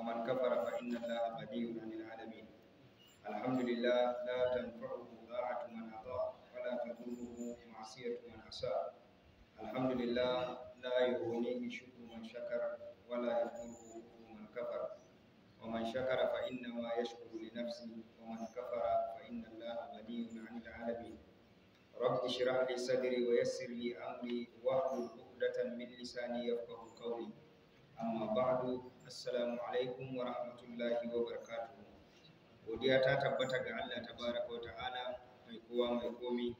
ومن كفر فإن الله غني عن العالمين الحمد لله لا تنفعه طاعة من أطاع ولا تضره معصية من أساء الحمد لله لا يغنيه شكر من شكر ولا يضره من كفر ومن شكر فإنما يشكر لنفسه ومن كفر فإن الله غني عن العالمين رب اشرح لي صدري ويسر لي أمري واحلل عقدة من لساني يفقه قولي amma ba'du assalamu alaikum wa rahmatullahi wa barakatuhu godiya ta tabbata ga Allah tabaraka wa ta'ala mai kowa mai komi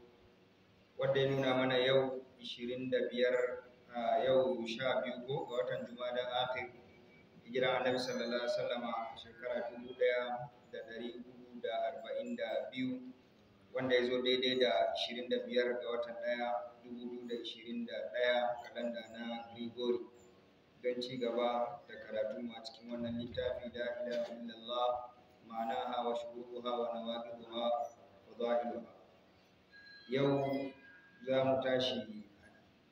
wanda ya nuna mana yau 25 yau 12 ko ga watan jumada akhir hijira annabi sallallahu alaihi wasallama shekara 1442 wanda ya zo daidai da 25 ga watan 1 2021 kalanda na Grigori don ci gaba da karatu a cikin wannan littafi da ila illallah hawa wa shuruha wa nawaqiduha wa zahiruha yau za mu tashi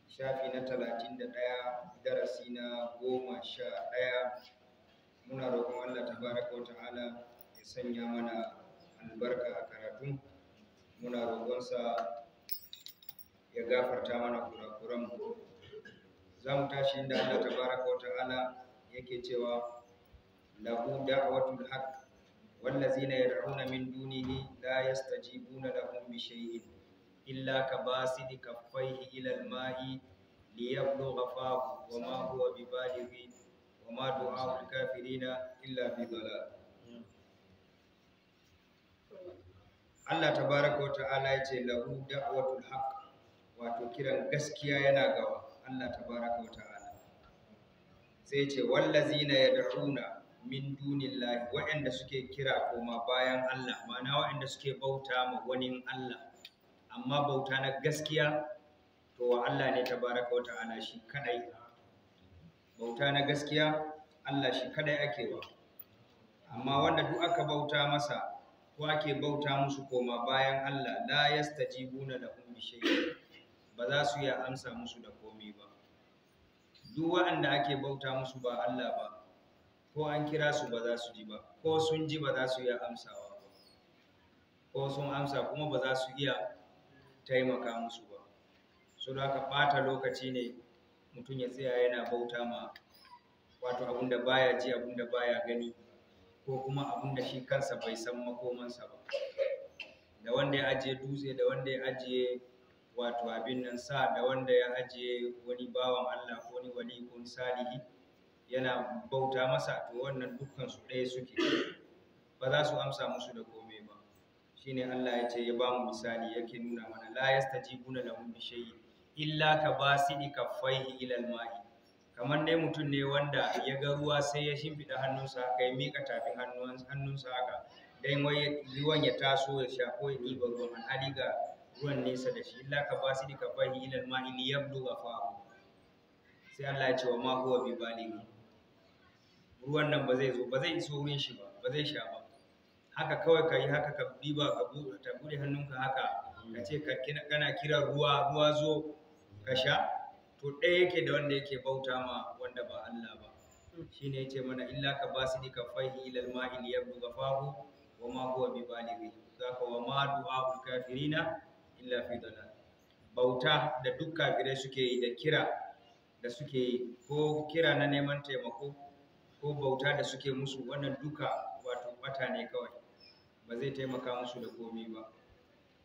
shafi na talatin da ɗaya darasi na goma sha ɗaya muna roƙon Allah tabaraka wa ta'ala ya sanya mana albarka a karatu muna roƙonsa ya gafarta mana kurakuran mu za mu tashi inda Allah tabaraka wa ta'ala yake cewa lahu da'watul haq wallazina yad'una min dunihi la yastajibuna lahum bi shay'in illa kabasidi kaffaihi ila al-ma'i liyablugha fahu wa ma huwa bi balighi wa ma du'a al-kafirina illa bi Allah tabaraka wa ta'ala yace lahu da'watul haq wato kiran gaskiya yana gawa Allah tabaraka wa ta'ala sai ce wallazina yad'una min dunillahi wa'anda suke kira koma bayan Allah ma'ana wa'anda suke bauta ma wani Allah amma bauta na gaskiya to wa Allah ne tabaraka wa ta'ala shi kadai bauta na gaskiya Allah shi kadai ake wa amma wanda duk aka bauta masa ko ake bauta musu koma bayan Allah la yastajibuna lahum bi shay'in ba za su iya amsa musu da komi ba duk waɗanda ake bauta musu ba Allah ba ko an kira su ba za su ji ba ko sun ji ba za su iya amsawa ba ko sun amsa kuma ba za su iya taimaka musu ba so da aka ɓata lokaci ne mutum ya tsaya yana bauta ma wato abun da baya ji abun da baya gani ko kuma abun da shi kansa bai san makomansa ba da wanda ya ajiye dutse da wanda ya ajiye wato abin nan sa da wanda ya ajiye wani bawan Allah ko wani wali ko salihi yana bauta masa to wannan dukkan su ɗaya suke ba za su amsa musu da komai ba shine Allah ya ce ya ba mu misali yake nuna mana la yastajibuna lahu bi shay'in illa ka basidi kaffaihi ila al-ma'i kamar dai mutum ne wanda ya ga ruwa sai ya shimfiɗa hannunsa haka ya miƙa tafin hannunsa haka dai ruwan ya taso ya sha ko ya ɗiba ruwan alhali ga ruwan nesa da shi illa ka ne ka fahi ilal ya li ga fahu sai Allah ya ce wa ma huwa bi balighi ruwan nan ba zai zo ba zai iso wurin shi ba ba zai sha ba haka kawai ka yi haka ka bi ba ka buɗe ta buɗe hannunka haka ka ce kana kira ruwa ruwa zo ka sha to ɗaya yake da wanda yake bauta ma wanda ba Allah ba ne ce mana illa ka ne ka fahi ilal ya li ga fahu wa ma huwa bi balighi zaka wa ma du'a kafirina illa fi dalal bauta da duk kafirai suke yi da kira da suke yi ko kira na neman taimako ko bauta da suke musu wannan duka wato bata kawai ba zai taimaka musu da komi ba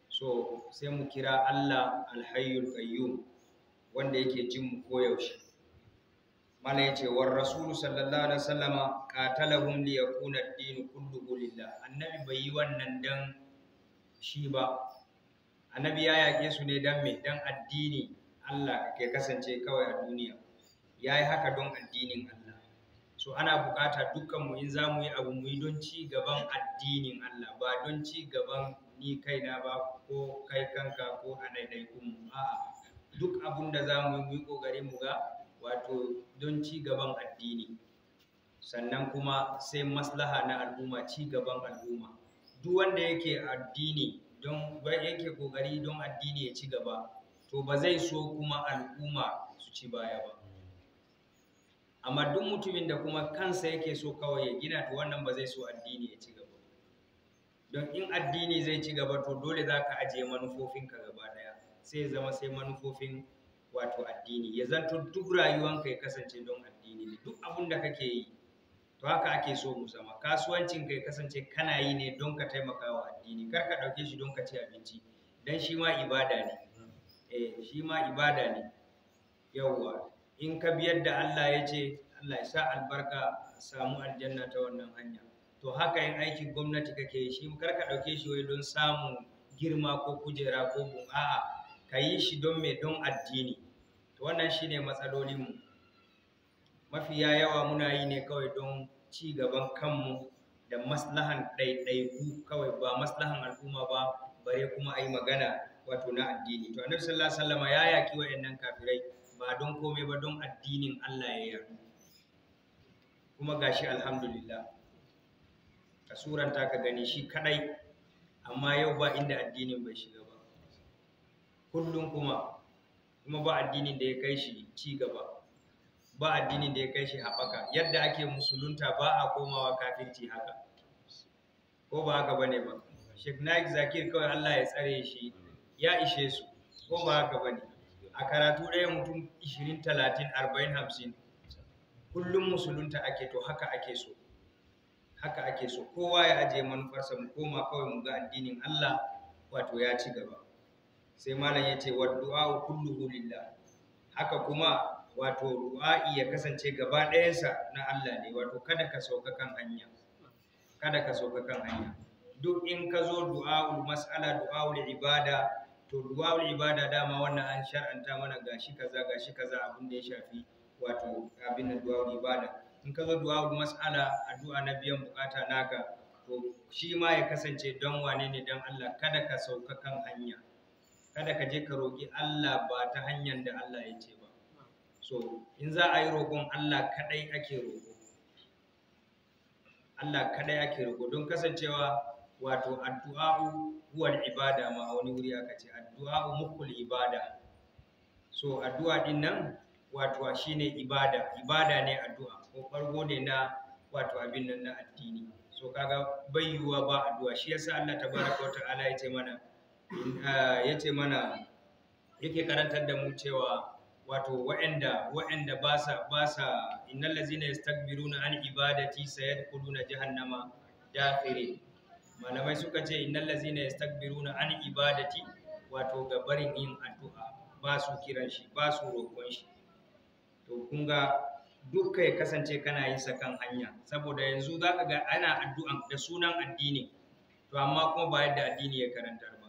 so sai mu kira Allah alhayyul qayyum wanda yake jin mu koyaushe mala yace war rasul sallallahu alaihi wasallama qatalahum li yakuna ad-din kulluhu lillah annabi bai yi wannan dan shi ba annabi ya yaƙe su ne don mai don addini Allah ke kasance kawai a duniya ya yi haka don addinin Allah so ana buƙata mu in za mu yi abu mu yi don ci gaban addinin Allah ba don ci gaban ni kaina ba ko kai kanka ko a a'a duk abun da za mu yi mu yi mu ga wato don ci gaban addini sannan kuma sai maslaha na al'umma ci gaban al'umma duk wanda yake addini don yake kokari don addini ya ci gaba to ba zai so kuma al'umma su ci baya ba amma duk mutumin da kuma kansa yake so kawai ya gina to wannan ba zai so addini ya ci gaba don in addini zai ci gaba to dole za ka ajiye manufofinka gaba daya sai zama sai manufofin wato addini ya zanto duk rayuwanka ya kasance don addini duk abun da kake yi to haka ake so mu zama kasuwancin kai kasance kana yi ne don ka taimaka wa addini kar ka ɗauke shi don ka ci abinci dan shi ma ibada ne eh shi ma ibada ne yawwa in ka bi yadda Allah ya ce Allah ya sa albarka samu aljanna ta wannan hanya to haka yin aikin gwamnati kake shi kar ka ɗauke shi wai don samun girma ko kujera ko bu a'a ka yi shi don me don addini to wannan shine matsalolin mu. mafiya yawa muna yi ne kawai don ci gaban kanmu da maslahan ɗaiɗaiku kawai ba maslahan al'umma ba bare kuma a yi magana wato na addini to annabi sallallahu alaihi wasallam ya yaki wayannan kafirai ba don komai ba don addinin Allah ya yarda kuma gashi alhamdulillah ka suranta ka gani shi kadai amma yau ba inda addinin bai shiga ba kullum kuma kuma ba addinin da ya kai shi ci gaba ba addini da ya kai shi haɓaka yadda ake musulunta ba a komawa kafirci haka ko ba haka bane ba Sheikh Naik Zakir kawai Allah ya tsare shi ya ishe su ko ba haka bane a karatu ɗaya mutum 20 30 40 50 kullum musulunta ake to haka ake so haka ake so kowa ya aje manufarsa mu koma kawai mu ga addinin Allah wato ya ci gaba sai malam ya ce wa du'a kulluhu lillah haka kuma wato ru'a'i ya kasance gaba ɗayansa na Allah ne wato kada ka sauka kan hanya kada ka sauka kan hanya duk in ka zo du'a'ul mas'ala du'a'ul ibada to du'a'ul ibada dama wannan an shar'anta mana gashi kaza gashi kaza abin da ya shafi wato abin da du'a'ul ibada in ka zo du'a'ul mas'ala addu'a na biyan bukata naka to shi ma ya kasance don wane ne don Allah kada ka sauka kan hanya kada ka je ka roki Allah ba ta hanyar da Allah ya ce ba so in za a yi roƙon Allah kaɗai ake roƙo Allah kaɗai ake roƙo don kasancewa wato addu'a'u huwal ibada ma a wani wuri aka ce addu'a'u mukul ibada so addu'a din nan wato shine ibada ibada ne addu'a ko farko ne na wato abin nan na addini so kaga bayyuwa ba addu'a shi yasa Allah tabaraka ta'ala yace mana yace mana yake karantar da mu cewa wato wa'anda wa'anda ba sa ba sa innal ladzina yastakbiruna an ibadati sayadkhuluna jahannama dakhirin malamai suka ce innal ladzina yastakbiruna an ibadati wato ga barin yin addu'a ba su kiran shi ba su roƙon shi to kun ga dukka ya kasance kana yin sa kan hanya saboda yanzu za ka ga ana addu'an da sunan addini to amma kuma ba yadda addini ya karantar ba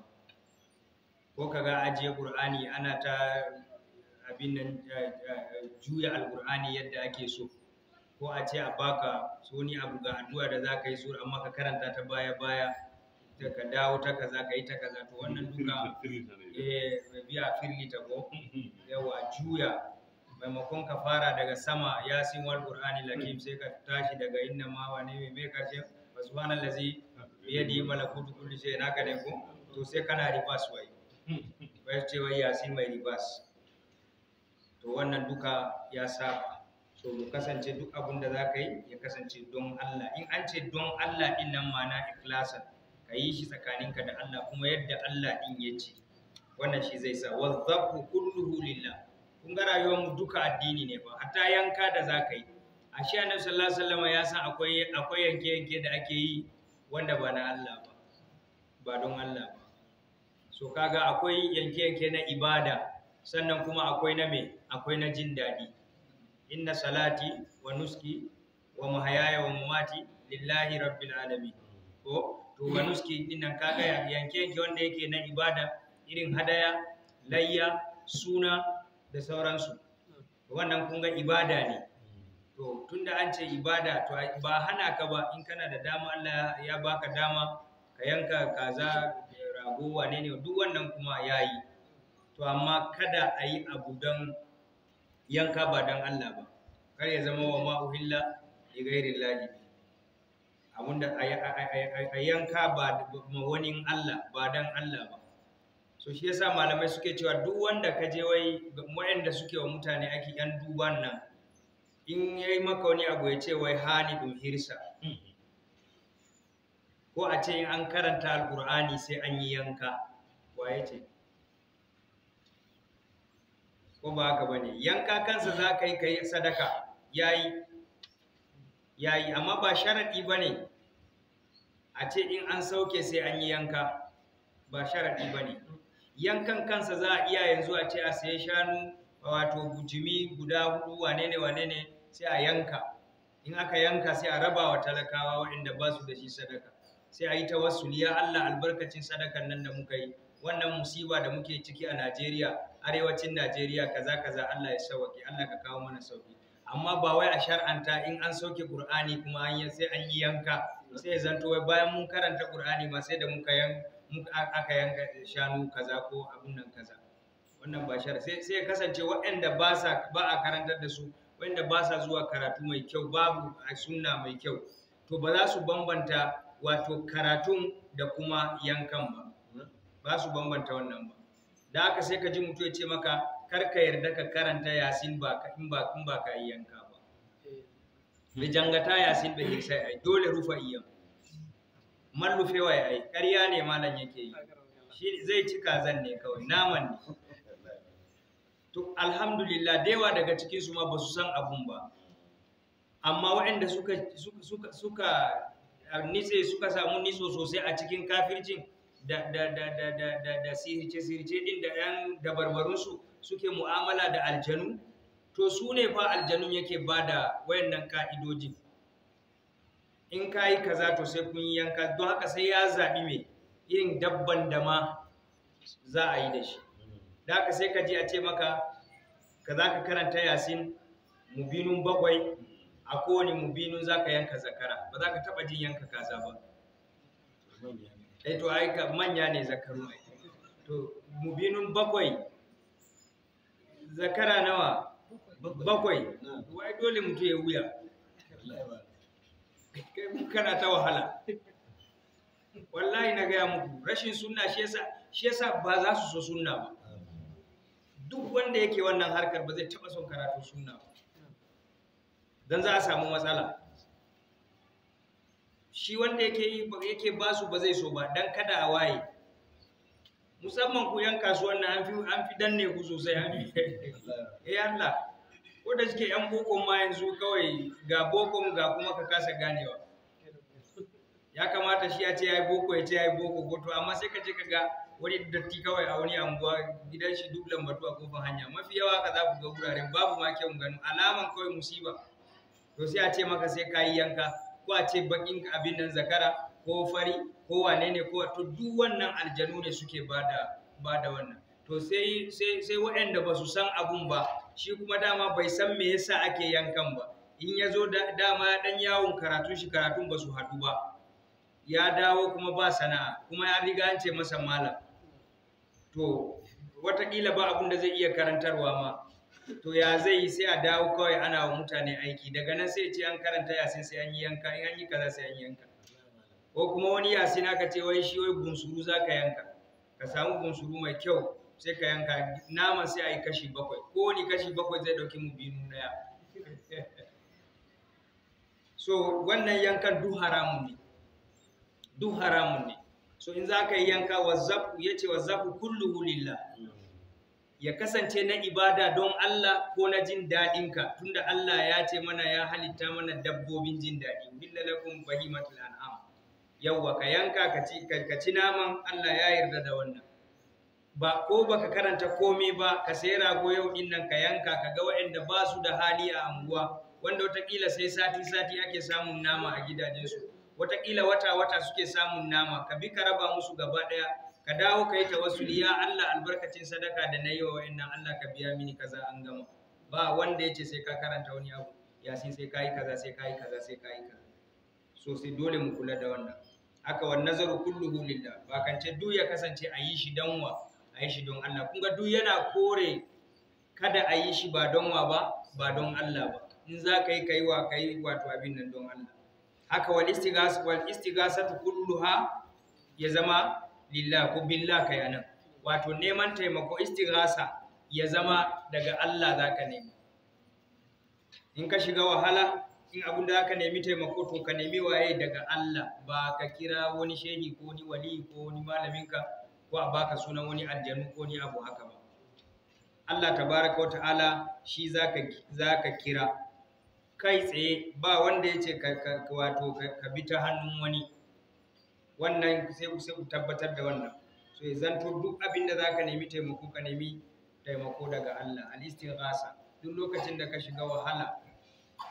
ko kaga ajiye qur'ani ana ta abin nan juya alkur'ani yadda ake so ko a ce a baka soni abu ga addu'a da zaka yi sura amma ka karanta ta baya baya da ka dawo ta kaza ka yi ta kaza to wannan duka eh biya firli ta ko yawa juya maimakon ka fara daga sama yasin sin wal qur'ani lakim sai ka tashi daga inna ma wa ne mai karshe wa subhanallazi bi yadi malakutu kulli shay'in naka ne ko to sai kana reverse wai wai ce wai yasin mai reverse to wannan duka ya saba so mu kasance duk abin da za ka yi ya kasance don Allah in an ce don Allah din nan mana ikhlasan ka yi shi tsakaninka da Allah kuma yadda Allah din ya ce wannan shi zai sa wazzabu kulluhu lillah kun ga rayuwar mu duka addini ne ba hatta yanka da za ka yi a shi annabi sallallahu alaihi wasallam ya san akwai akwai yanke yanke da ake yi wanda ba na Allah ba ba don Allah ba so kaga akwai yanke yanke na ibada sannan kuma akwai na me akwai na jin daɗi inna salati wa nuski wa mahayaya wa mamati lillahi rabbil alamin ko to wa nuski dinnan kaga yanke yanke wanda yake na ibada irin hadaya layya suna da sauransu wannan kun ga ibada ne to tunda an ce ibada to ba hana ka ba in kana da dama Allah ya baka dama ka yanka kaza rago wane ne duk wannan kuma yayi to amma kada a yi abu don yanka ba don Allah ba kar ya zama wa ma'uhilla ya gairi lahi abinda a yanka ba wani Allah ba don Allah ba so shi yasa malamai suke cewa duk wanda ka je wai wayanda suke wa mutane ake yan duban nan in yi maka wani abu ya ce wai hani halidun hirsa ko a ce an karanta alkur'ani sai an yi yanka waye ce ko ba haka bane yanka kansa za ka yi ka yi sadaka yayi yayi amma ba sharaɗi ba ne a ce in an sauke sai an yi yanka ba sharaɗi ba ne yankan kansa za a iya yanzu a ce a sayi shanu wato bujimi guda hudu wane ne wane ne sai a yanka in aka yanka sai a raba wa talakawa waɗanda ba su da shi sadaka sai a yi wasu, ya Allah albarkacin sadakan nan da muka yi wannan musiba da muke ciki a Najeriya arewacin Najeriya kaza kaza Allah ya sauke Allah ka kawo mana sauki amma ba wai a shar'anta in an soke Qur'ani kuma an yi sai an yi yanka sai zanto wai bayan mun karanta Qur'ani ma sai da muka yan aka yanka shanu kaza ko abun nan kaza wannan ba shar sai sai kasance waɗanda ba sa ba a karantar da su waɗanda ba sa zuwa karatu mai kyau babu a sunna mai kyau to ba za su bambanta wato karatun da kuma yankan ba ba su bambanta wannan ba da aka sai ka ji mutum ya ce maka kar ka yarda ka karanta yasin ba ka in ba ba ka yi yanka ba da jangata yasin da hirsa ai dole rufa iyan mallufewa ya ai ƙarya ne malam yake yi shi zai ci kazan ne kawai naman ne to alhamdulillah da yawa daga cikin su ma ba su san abun ba amma waɗanda suka suka suka nitse suka samu niso sosai a cikin kafircin da da da da da da da sihirce sirice din da yan dabarbarun su suke mu'amala da aljanu to su ne fa aljanun yake bada wayannan ka'idojin in ka kaza to sai kun yanka don haka sai ya zaɓi mai irin dabban da ma za a yi da shi da haka sai ka je a ce maka ka ka karanta yasin mubinun bakwai a kowane mubinun za ka yanka zakara ba za ka taɓa jin yanka kaza ba eh to ai manya ne zakaru ai to mubinun bakwai zakara nawa bakwai wai dole mutu ya wuya kai kana ta wahala wallahi na gaya muku rashin sunna shi yasa shi yasa ba za su so sunna ba duk wanda yake wannan harkar ba zai taba son karatu sunna ba dan za a samu matsala shi wanda yake yi yake ba su ba zai so ba dan kada a waye musamman ku yan kasuwan na an fi danne ku sosai an fi eh Allah ko da suke yan bokon ma yanzu kawai ga bokon ga kuma ka kasa ganewa ya kamata shi ya ce ya yi boko ya ce ya yi boko ko amma sai ka je ka ga wani datti kawai a wani anguwa gidan shi duk lambatu a kofar hanya mafi yawa ka za ku ga wuraren babu ma kyan gano alaman kawai musiba to sai a ce maka sai ka yi yanka ko a ce bakin abin nan zakara ko fari ko wane ne ko to duk wannan aljanu ne suke bada bada wannan to sai sai sai waɗanda ba su san abun ba shi kuma dama bai san me yasa ake yankan ba in ya zo dama ya dan yawon karatun shi karatun ba su haɗu ba ya dawo kuma ba sana'a kuma ya riga an ce masa malam to watakila ba abun da zai iya karantarwa ma to ya zai yi sai a dawo kawai ana wa mutane aiki daga nan sai ce an karanta yasin sai an yi yanka in an yi kaza sai an yi yanka ko kuma wani yasin aka ce wai shi wai bunsuru za ka yanka ka samu bunsuru mai kyau sai ka yanka Nama sai a yi kashi bakwai ko wani kashi bakwai zai ɗauki mu biyu ɗaya so wannan yankan duk haramun ne duk haramun ne so in za ka yi yanka wazzafu ya ce wazzafu kulluhu lillah ya kasance na ibada don Allah ko na jin daɗinka tunda Allah ya ce mana ya halitta mana dabbobin jin daɗi lakum bahimatul an'am yawwa ka yanka ka ci naman Allah ya yarda da wannan ba ko baka karanta komai ba ka sai rago yau din nan ka yanka ka ga waɗanda ba su da hali a anguwa wanda watakila sai sati sati ake samun nama a gidajensu watakila wata wata suke samun nama ka bi ka raba musu gaba ɗaya ka dawo ka yi tawassuli ya Allah albarkacin sadaka da na yi wa nan Allah ka biya mini kaza an gama ba wanda ya ce sai ka karanta wani abu ya sai sai yi kaza sai ka yi kaza sai ka yi kaza so sai dole mu kula da wannan haka wa nazaru kulluhu lillah ba kance duk ya kasance a yi shi don wa a yi shi don Allah kun ga duk yana kore kada a yi shi ba don wa ba ba don Allah ba in za ka yi kai wa ka yi wato abin nan don Allah haka wal istighasu wal kullu kulluha ya zama lillah ko billah kai anan wato neman taimako istighasa ya zama daga Allah zaka nemi in ka shiga wahala in abun da aka nemi taimako to ka nemi waye daga Allah ba ka kira wani shehi ko wani wali ko wani malaminka ko a baka sunan wani aljanu ko ni abu haka ba Allah tabaraka wa ta'ala shi zaka zaka kira kai tsaye ba wanda yace ka wato ka bi ta hannun wani wannan sai ku sai ku tabbatar da wannan so ya zanto duk abin da zaka nemi taimako ka nemi taimako daga Allah al istighasa duk lokacin da ka shiga wahala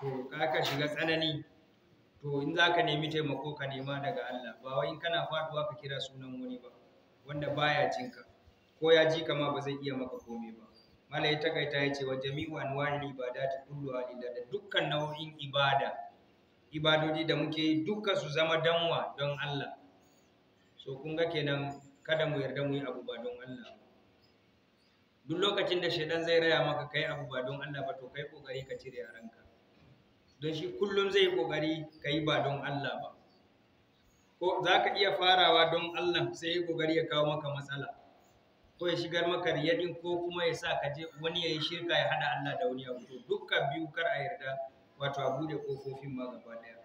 to ka shiga tsanani to in zaka nemi taimako ka nema daga Allah ba wai in kana faduwa ka kira sunan wani ba wanda baya jinka ko ya ji kama ba zai iya maka komai ba malai ya takaita ya ce wa jami'u anwa'il ibadati kulluha lillah da dukkan nau'in ibada ibadodi da muke yi dukkan su zama danwa don Allah so kun ga kenan kada mu yarda mu yi abu ba don Allah duk lokacin da shaidan zai raya maka kai abu ba don Allah ba to kai kokari ka cire a ranka don shi kullum zai kokari ka yi ba don Allah ba ko za ka iya farawa don Allah sai ya kokari ya kawo maka matsala ko ya shigar maka riyadin ko kuma ya sa ka je wani ya yi shirka ya hada Allah da wani abu to dukkan biyu kar a yarda wato a buɗe kofofin ma gaba daya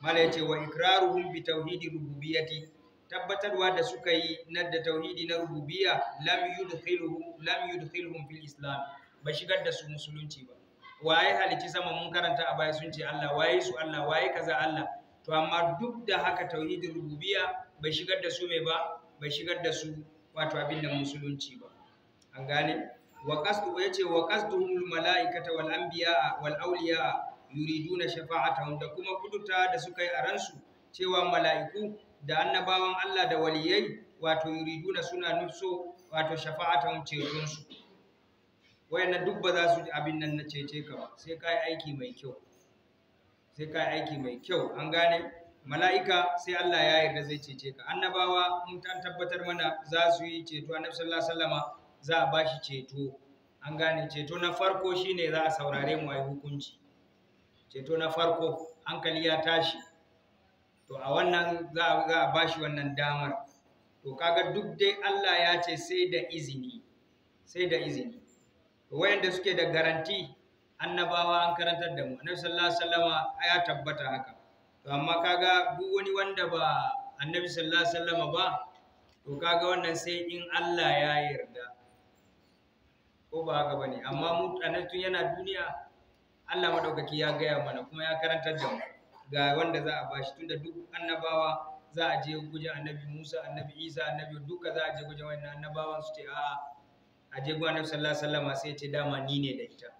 mala ce wa ikraruhum bi tauhidi rububiyyati tabbatarwa da suka yi na da tauhidi na rububiyya lam yudkhiluhum lam yudkhiluhum fil islam ba shigar da su musulunci ba waye halici sama mun karanta a baya sun ce Allah waye su Allah waye kaza Allah to amma duk da haka tauhidin rububiyya bai shigar da su mai ba bai shigar da su wato abin da musulunci ba an gane wa qasdu yace wa qasduhumul malaikata wal anbiya wal awliya yuriduna shafa'atahum da kuma kuduta da suka yi a ransu cewa mala'iku da annabawan Allah da waliyai wato na suna nufso wato shafa'atan ceton su wayannan duk ba za su ji abin nan na cece ka ba sai kai aiki mai kyau sai kai aiki mai kyau an gane mala'ika sai Allah ya yarda zai cece ka annabawa mun tan tabbatar mana za su yi ceto annabi sallallahu alaihi wasallama za a bashi ceto an gane ceto na farko shine za a saurare mu ayi hukunci ceto na farko hankali ya tashi to a wannan za a ba shi wannan damar to kaga duk dai Allah ya ce sai da izini sai da izini to wayanda suke da garanti annabawa an karantar da mu annabi sallallahu alaihi wasallama ya tabbata haka to amma kaga duk wani wanda ba annabi sallallahu alaihi wasallama ba to kaga wannan sai in Allah ya yarda ko ba haka bane amma mu tun yana duniya Allah madaukaki ya gaya mana kuma ya karantar da mu ga wanda za a bashi tunda duk annabawa za a je guje annabi Musa annabi Isa annabi duka za a je guje wannan annabawan su ce a a je guje annabi sallallahu alaihi wasallam sai ya ce dama ni ne da ita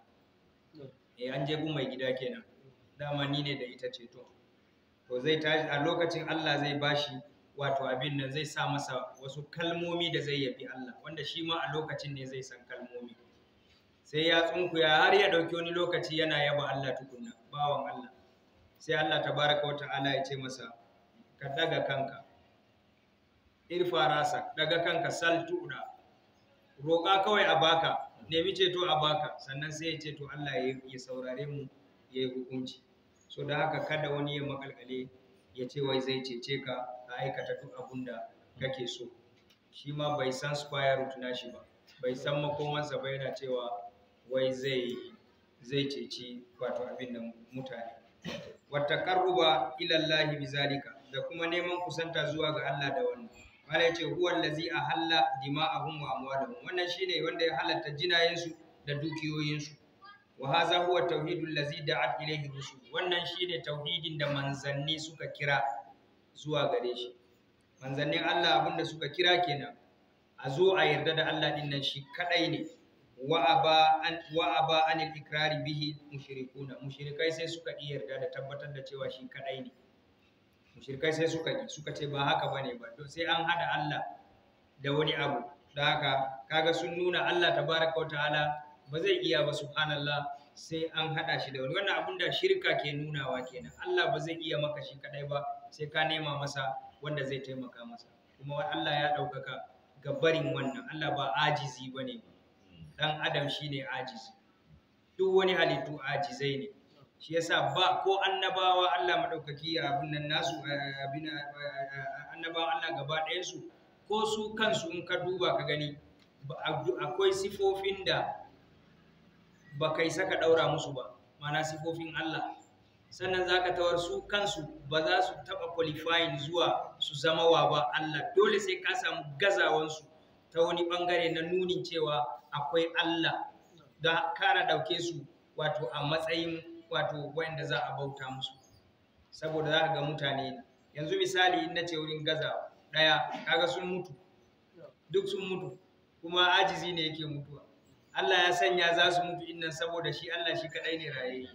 eh an je gun mai gida kenan dama ni ne da ita ce to to zai tashi a lokacin Allah zai bashi wato abin nan zai sa masa wasu kalmomi da zai yabi Allah wanda shi ma a lokacin ne zai san kalmomi sai ya tsunkuya har ya ɗauki wani lokaci yana yaba Allah tukunna bawan Allah sai Allah tabaraka wata ala ya ce masa ka daga kanka irfa rasa daga kanka sal tuɗa roƙa kawai a baka nemi ceto a baka sannan sai ya ce to Allah ya saurare mu ya yi hukunci so da haka kada wani ya makalkale ya ce wai zai cece ka a aikata duk abun da kake so shi ma bai san square root na shi ba bai san makomansa ba yana cewa wai zai zai ceci wato abin da mutane wata ƙarruba ilallahi bizalika da kuma neman kusanta zuwa ga Allah da wannan mala yace huwal ladzi ahalla dima'ahum wa amwalahum wannan shine wanda ya halatta jinayensu da dukiyoyinsu wa hadha huwa tauhidul ladzi da'at ilayhi rusul wannan shine tauhidin da manzanni suka kira zuwa gare shi manzannin Allah abinda suka kira kenan a zo a yarda da Allah din shi kadai ne wa'aba an ikirari bihi mushrikuna mushrikai sai suka yi yarda da tabbatar da cewa shi kadai ne mushrikai sai suka yi suka ce ba haka bane ba to sai an hada Allah da wani abu da haka kaga sun nuna Allah tabaraka wa ta'ala ba zai iya ba subhanallah sai an hada shi da wani wannan abun da shirka ke nunawa kenan Allah ba zai iya maka shi kadai ba sai ka nema masa wanda zai taimaka masa kuma Allah ya daukaka ga barin wannan Allah ba ajizi bane ba dan adam shine ajizi duk wani halittu ajizai ne shi yasa ba ko annabawa Allah madaukaki abin nan nasu abin annabawa Allah gaba ɗayan su ko su kansu in ka duba ka gani akwai sifofin da ba kai saka daura musu ba mana sifofin Allah sannan zaka tawar su kansu ba za su taɓa qualifying zuwa su zama wa ba Allah dole sai ka samu gazawansu ta wani ɓangare na nunin cewa akwai Allah da kara ɗauke su wato a matsayin wato wanda za a bauta musu saboda za ka ga mutane yanzu misali in na ce wurin gaza ɗaya kaga sun mutu duk sun mutu kuma ajizi ne yake mutuwa Allah ya sanya za su mutu innan saboda shi Allah shi kadai ne raye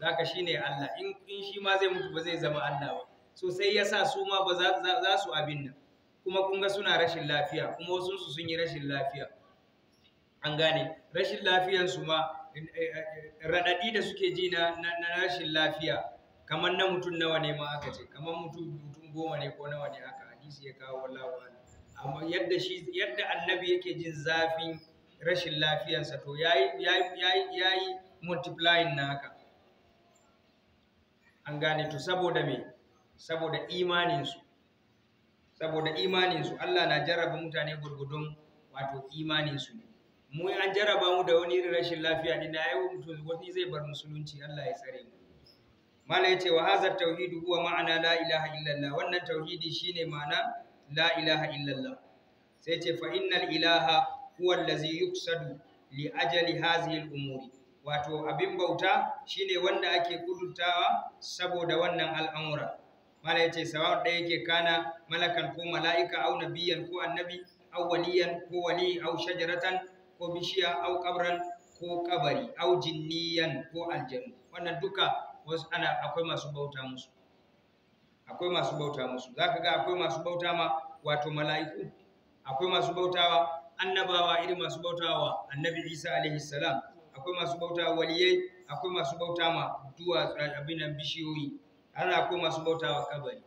zaka shi ne Allah in shi ma zai mutu ba zai zama Allah ba so sai ya sa su ma ba za su abin nan kuma kun ga suna rashin lafiya kuma wasu sun yi rashin lafiya an gane rashin lafiyarsu ma eh, eh, eh, raɗaɗi da suke ji na rashin lafiya kamar na mutum nawa ne ma aka ce kamar mutum goma ne ko nawa ne aka hadisi ya kawo wallahu amma yadda shi yadda annabi yake jin zafin rashin lafiyarsa to yayi yayi yayi multiplying na haka an gane to saboda me saboda imanin su saboda imanin su Allah na jarraba mutane gurgudun wato imanin su ne mu an jaraba mu da wani irin rashin lafiya ne da yau mutum wani zai bar musulunci Allah ya tsare mu mala ce wa hadha tauhidu huwa ma'ana la ilaha illallah wannan tauhidi shine ma'ana la ilaha illallah sai ce fa innal ilaha huwa allazi yuksadu li ajali hadhihi al umuri wato abin bauta shine wanda ake kudutawa saboda wannan al'amura mala ce sawa da yake kana malakan ko mala'ika au nabiyan ko annabi aw waliyan ko wali au shajaratan ko bishiya au kabran ko kabari au jinniyan ko aljanu wannan duka wasu ana akwai masu bauta musu akwai masu bauta musu zaka ga akwai masu bauta ma wato mala'iku akwai masu bautawa annabawa irin masu bautawa annabi Isa alaihi salam akwai masu bautawa waliyai akwai masu bauta ma duwa abinan bishiyoyi ana akwai masu bautawa kabari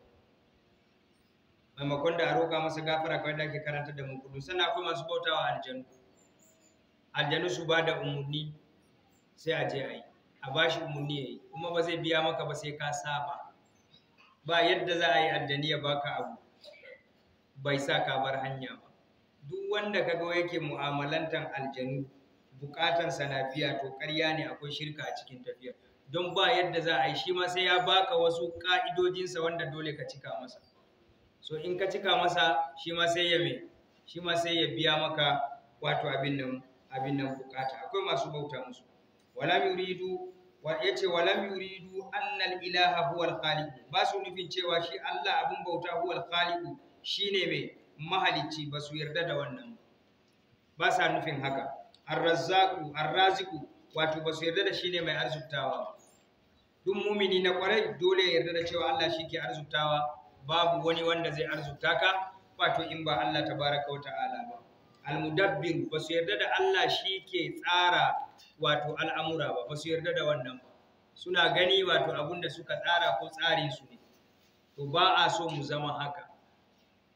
maimakon da a roƙa masa gafara kawai da ake karanta da mu kudu sannan akwai masu bautawa aljanu aljanu su ba da umarni sai a je a yi a ba shi umarni ya yi kuma ba zai biya maka ba sai ka saba ba yadda za a yi aljani ya baka abu bai sa ka bar hanya ba duk wanda ka ga yake mu'amalantan aljanu bukatan sanafiya to karya ne akwai shirka a cikin tafiya don ba yadda za a yi shi ma sai ya baka wasu ka'idojinsa wanda dole ka cika masa so in ka cika masa shi ma sai ya me shi ma sai ya biya maka wato abin nan abin nan bukata akwai masu bauta musu walam yuridu wa yace walam yuridu anna ilaha huwa al-khaliq ba nufin cewa shi Allah abin bauta huwa al-khaliq shine mai mahalicci ba su yarda da wannan ba sa nufin haka ar Arraziku, ar wato ba su yarda da shine mai arzutawa duk mumini na kwarai dole ya yarda da cewa Allah shi ke arzutawa babu wani wanda zai arzuta ka wato in ba Allah tabaaraka wa ta'ala ba almudabbir ba su yarda da Allah shi ke tsara wato al'amura ba ba su yarda da wannan ba suna gani wato abin da suka tsara ko tsare su ne to ba a so mu zama haka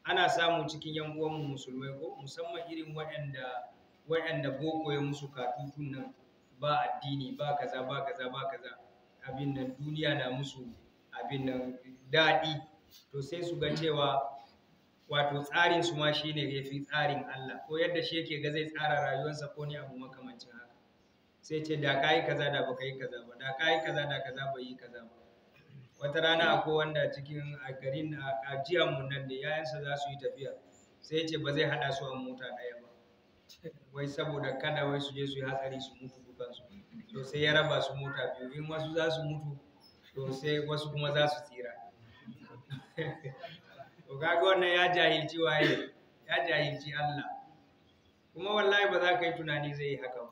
ana samu cikin yan uwanmu musulmai ko musamman irin waɗanda waɗanda boko ya musu katutun nan ba addini ba kaza ba kaza ba kaza abin nan duniya na musu abin nan daɗi to sai su ga cewa wato tsarin su ma shine fi tsarin Allah ko yadda shi yake ga zai tsara rayuwarsa ko ne abu makamancin haka sai ce da kai kaza da baka yi kaza ba da kai kaza da kaza bai yi kaza ba wata rana akwai wanda cikin a garin a jiyan mu nan da yayansa za su yi tafiya sai ce ba zai hada su a mota daya ba wai saboda kada wai su je su yi hatsari su mutu dukansu to sai ya raba su mota biyu in wasu za su mutu to sai wasu kuma za su tsira to kaga wannan ya jahilci waye ya jahilci Allah kuma wallahi ba za ka yi tunani zai yi haka ba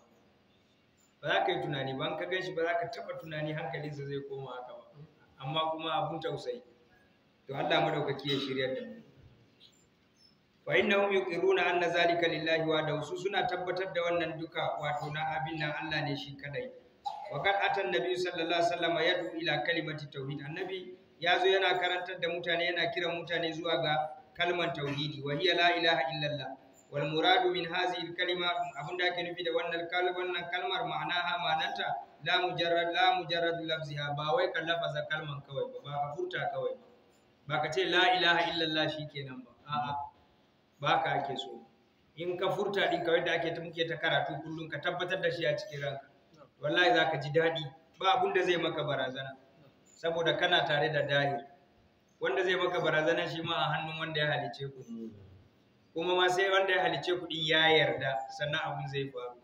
ba za ka yi tunani An ka gan shi ba za ka taɓa tunani hankalinsa zai koma haka ba amma kuma abun tausayi to Allah madaukaki ya shirya da mu fa innahum yuqiruna anna zalika lillahi wa dawsu suna tabbatar da wannan duka wato na abin nan Allah ne shi kadai wa kan atan nabi sallallahu alaihi wasallam yadu ila kalimati tauhid annabi ya zo yana karantar da mutane yana kiran mutane zuwa ga kalmar tauhidi wa hiya la ilaha illallah wal muradu min hazihi kalima abinda ke nufi da wannan wannan kalmar ma'anaha ma'ananta la mujarrad la mujarrad lafziha ba wai kan lafaza kalman kawai ba ba ka furta kawai ba ka ce la ilaha illallah shikenan ba a'a ba ka ake so in ka furta din kawai da ake ta muke ta karatu kullum ka tabbatar da shi a cikin ranka wallahi zaka ji daɗi ba abun da zai maka barazana saboda kana tare da dahir wanda zai maka barazana shi ma a hannun wanda ya halice ku kuma ma sai wanda ya halice ku din ya yarda sannan abun zai faru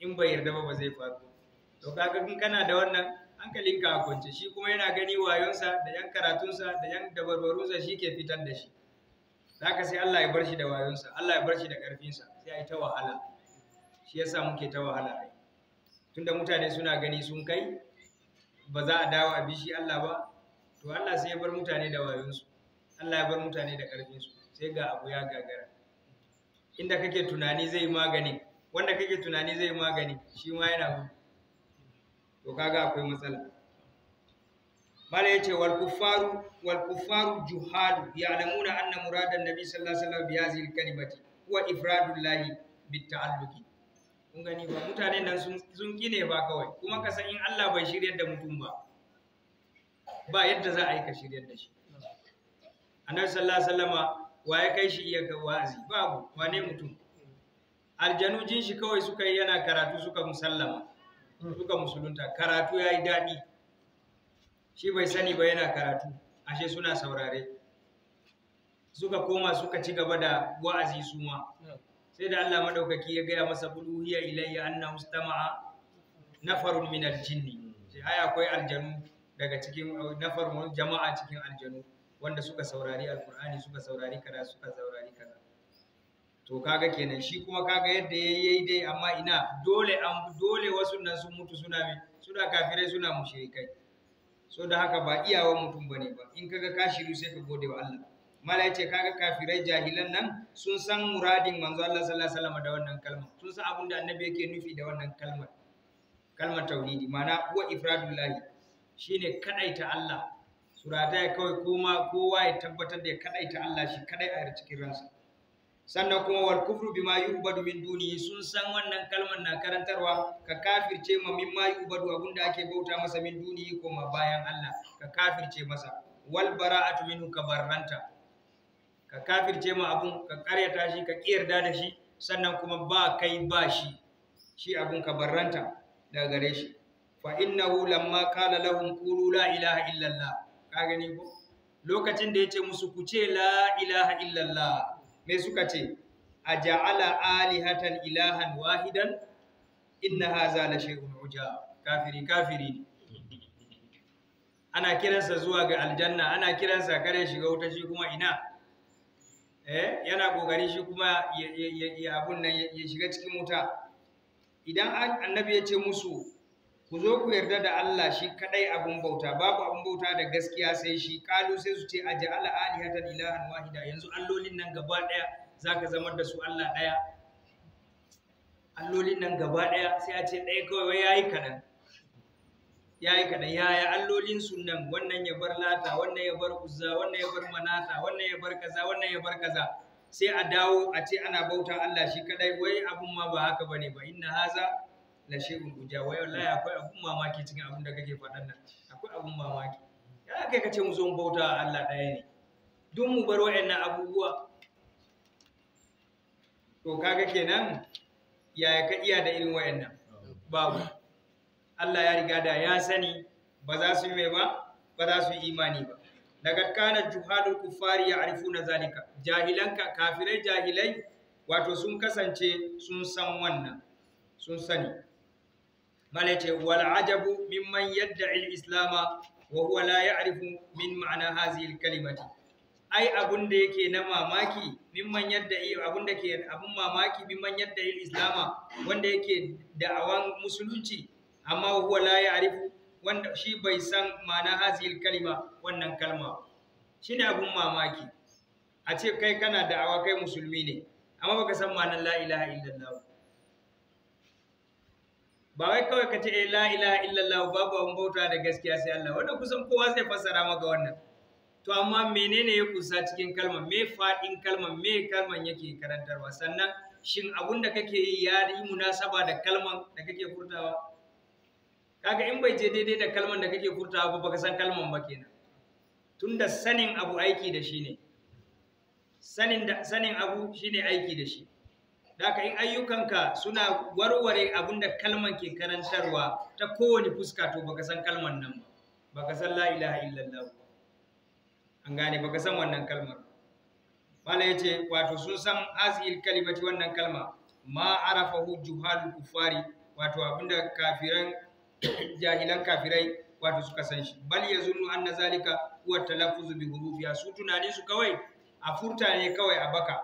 in bai yarda ba ba zai faru to kaga kin kana da wannan hankalinka a kwance shi kuma yana gani wayonsa da yan karatunsa da yan dabarbarunsa shi ke fitar da shi zaka sai Allah ya bar shi da wayonsa Allah ya bar shi da karfinsa sai ai ta wahala shi yasa muke ta wahala tunda mutane suna gani sun kai ba za a dawo a bishi Allah ba to Allah sai ya bar mutane da wayonsu Allah ya bar mutane da ƙarfinsu sai ga abu ya gagara inda kake tunani zai magani wanda kake tunani zai magani shi ma yana gudu to kaga akwai matsala mala yace wal kuffaru wal kuffaru juhalu ya'lamuna anna muradan nabi sallallahu alaihi wasallam bi hadhihi kalimati huwa ifradul lahi bit ta'alluqi kun gani ba mutane nan sun kine ba kawai kuma ka san in Allah bai shiryar da mutum ba ba yadda za a yi ka shiryar da shi annabi sallallahu alaihi wasallama wa ya kai shi iya wazi babu wane mutum aljanu jin shi kawai suka yi yana karatu suka musallama suka musulunta karatu ya yi daɗi shi bai sani ba yana karatu ashe suna saurare suka koma suka ci gaba da wa'azi suma. sai da Allah madaukaki ya gaya masa buluhiya ilayya annahu istama'a nafarun min aljinn sai akwai aljanu daga cikin nafarun jama'a cikin aljanu wanda suka saurari alqur'ani suka saurari kada suka saurari kada to kaga kenan shi kuma kaga yadda yayi dai amma ina dole an dole wasu nan sun mutu suna me suna kafirai suna mushrikai so da haka ba iyawan mutum bane ba in kaga ka shiru sai ka gode wa Allah mala ya ce kaga kafirai jahilan nan sun san muradin manzo Allah sallallahu alaihi wasallam da wannan kalma sun san abin da annabi yake nufi da wannan kalmar kalmar tauhidi ma'ana huwa ifradullahi shine kadaita Allah surata ya kawai kuma kowa ya tabbatar da ya kadaita Allah shi kadai a cikin ransa sannan kuma wal kufru bima yu'badu min dunihi sun san wannan kalmar na karantarwa ka kafirce ma ma yu'badu abunda ake bauta masa min dunihi ko ma bayan Allah ka kafirce masa wal bara'atu minhu ka barranta ka kafirce ma abun ka karyata shi ka kiyarda da shi sannan kuma ba kai ba shi shi abun ka barranta daga gare shi fa innahu lamma qala lahum qulu la ilaha illallah ka gani ko lokacin da yace musu ku ce la ilaha illallah me suka ce aja'ala alihatan ilahan wahidan inna hadha la shay'un uja kafiri kafiri ana kiransa zuwa ga aljanna ana kiransa kare shiga wuta shi kuma ina Eh, yana kokarin shi kuma ya abun nan ya shiga cikin wuta idan annabi ya ce musu ku zo ku yarda da Allah shi kadai abun bauta babu abun bauta da gaskiya sai shi kalu sai su ce aj'ala alihatan ilahan wahida yanzu allolin nan gaba daya zaka zama da su Allah daya allolin nan gaba daya sai a ce daya kawai yayi kanan ya yi kaɗan yaya allolin sunan wannan ya bar lata wannan ya bar uzza wannan ya bar manata wannan ya bar kaza wannan ya bar kaza sai a dawo a ce ana bautan Allah shi kadai wai abun ma ba haka bane ba inna haza la shay'un uja wai wallahi akwai abun mamaki cikin abun da kake faɗan nan akwai abun mamaki ya kai kace mu zo mu bauta Allah ɗaya ne duk mu bar wa'annan abubuwa to kaga kenan yaya ka iya da irin wa'annan babu Allah ya riga da ya sani ba za su yi mai ba ba za su yi imani ba daga kana juhalul kufari ya arifu na zalika jahilan kafirai jahilai wato sun kasance sun san wannan sun sani mala ce wal ajabu mimman yadda il islama wa huwa la arifu min ma'ana il kalimati ai abun da yake na mamaki mimman yadda abun da ke abun mamaki mimman yadda il islama wanda yake da'awan musulunci amma huwa la ya'rifu wanda shi bai san ma'ana hazil kalima wannan kalma ne abun mamaki a ce kai kana da'awa kai musulmi ne amma baka san ma'anar la ilaha illallah ba wai kawai ka ce eh, la ilaha illallah babu abun bauta da gaskiya sai Allah wannan kusan kowa zai fassara maka wannan to amma menene ya kusa cikin kalma me faɗin kalmar me kalmar yake karantarwa sannan shin abun da kake yi ya yi munasaba da kalman da kake furtawa kaga in bai je daidai da kalman da kake furtawa ba baka san kalman ba kenan tunda sanin abu aiki da shi ne sanin da sanin abu shine aiki da shi Daka in ayyukanka suna warware abin da kalman ke karantarwa ta kowane fuska to baka san kalman nan ba baka san la ilaha illallah an gane baka san wannan kalmar mala yace wato sun san hazil kalimati wannan kalma ma arafahu juhal kufari wato abinda kafiran jahilan kafirai wato suka san shi bal yazunnu anna zalika huwa talaffuzu bi hurufi. su tunanin su kawai a furta ne kawai a baka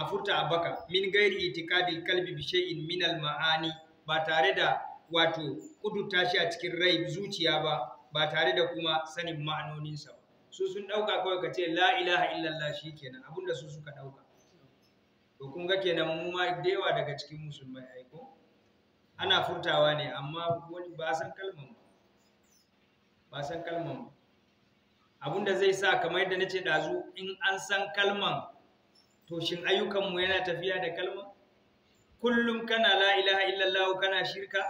a furta a baka min gairi itikadi kalbi bi shay'in min al ma'ani ba tare da wato kuduta shi a cikin rai zuciya ba ba tare da kuma sanin ma'anoninsa ba su sun dauka kawai kace ce la ilaha illallah shikenan abinda su suka dauka to kun ga kenan mu ma da yawa daga cikin musulmai ko? ana furtawa ne amma wani ba san kalman ba ba san kalman ba abinda zai sa kamar yadda nace dazu in an san kalman to shin ayyukanmu yana tafiya da kalman kullum kana la ilaha illallah kana shirka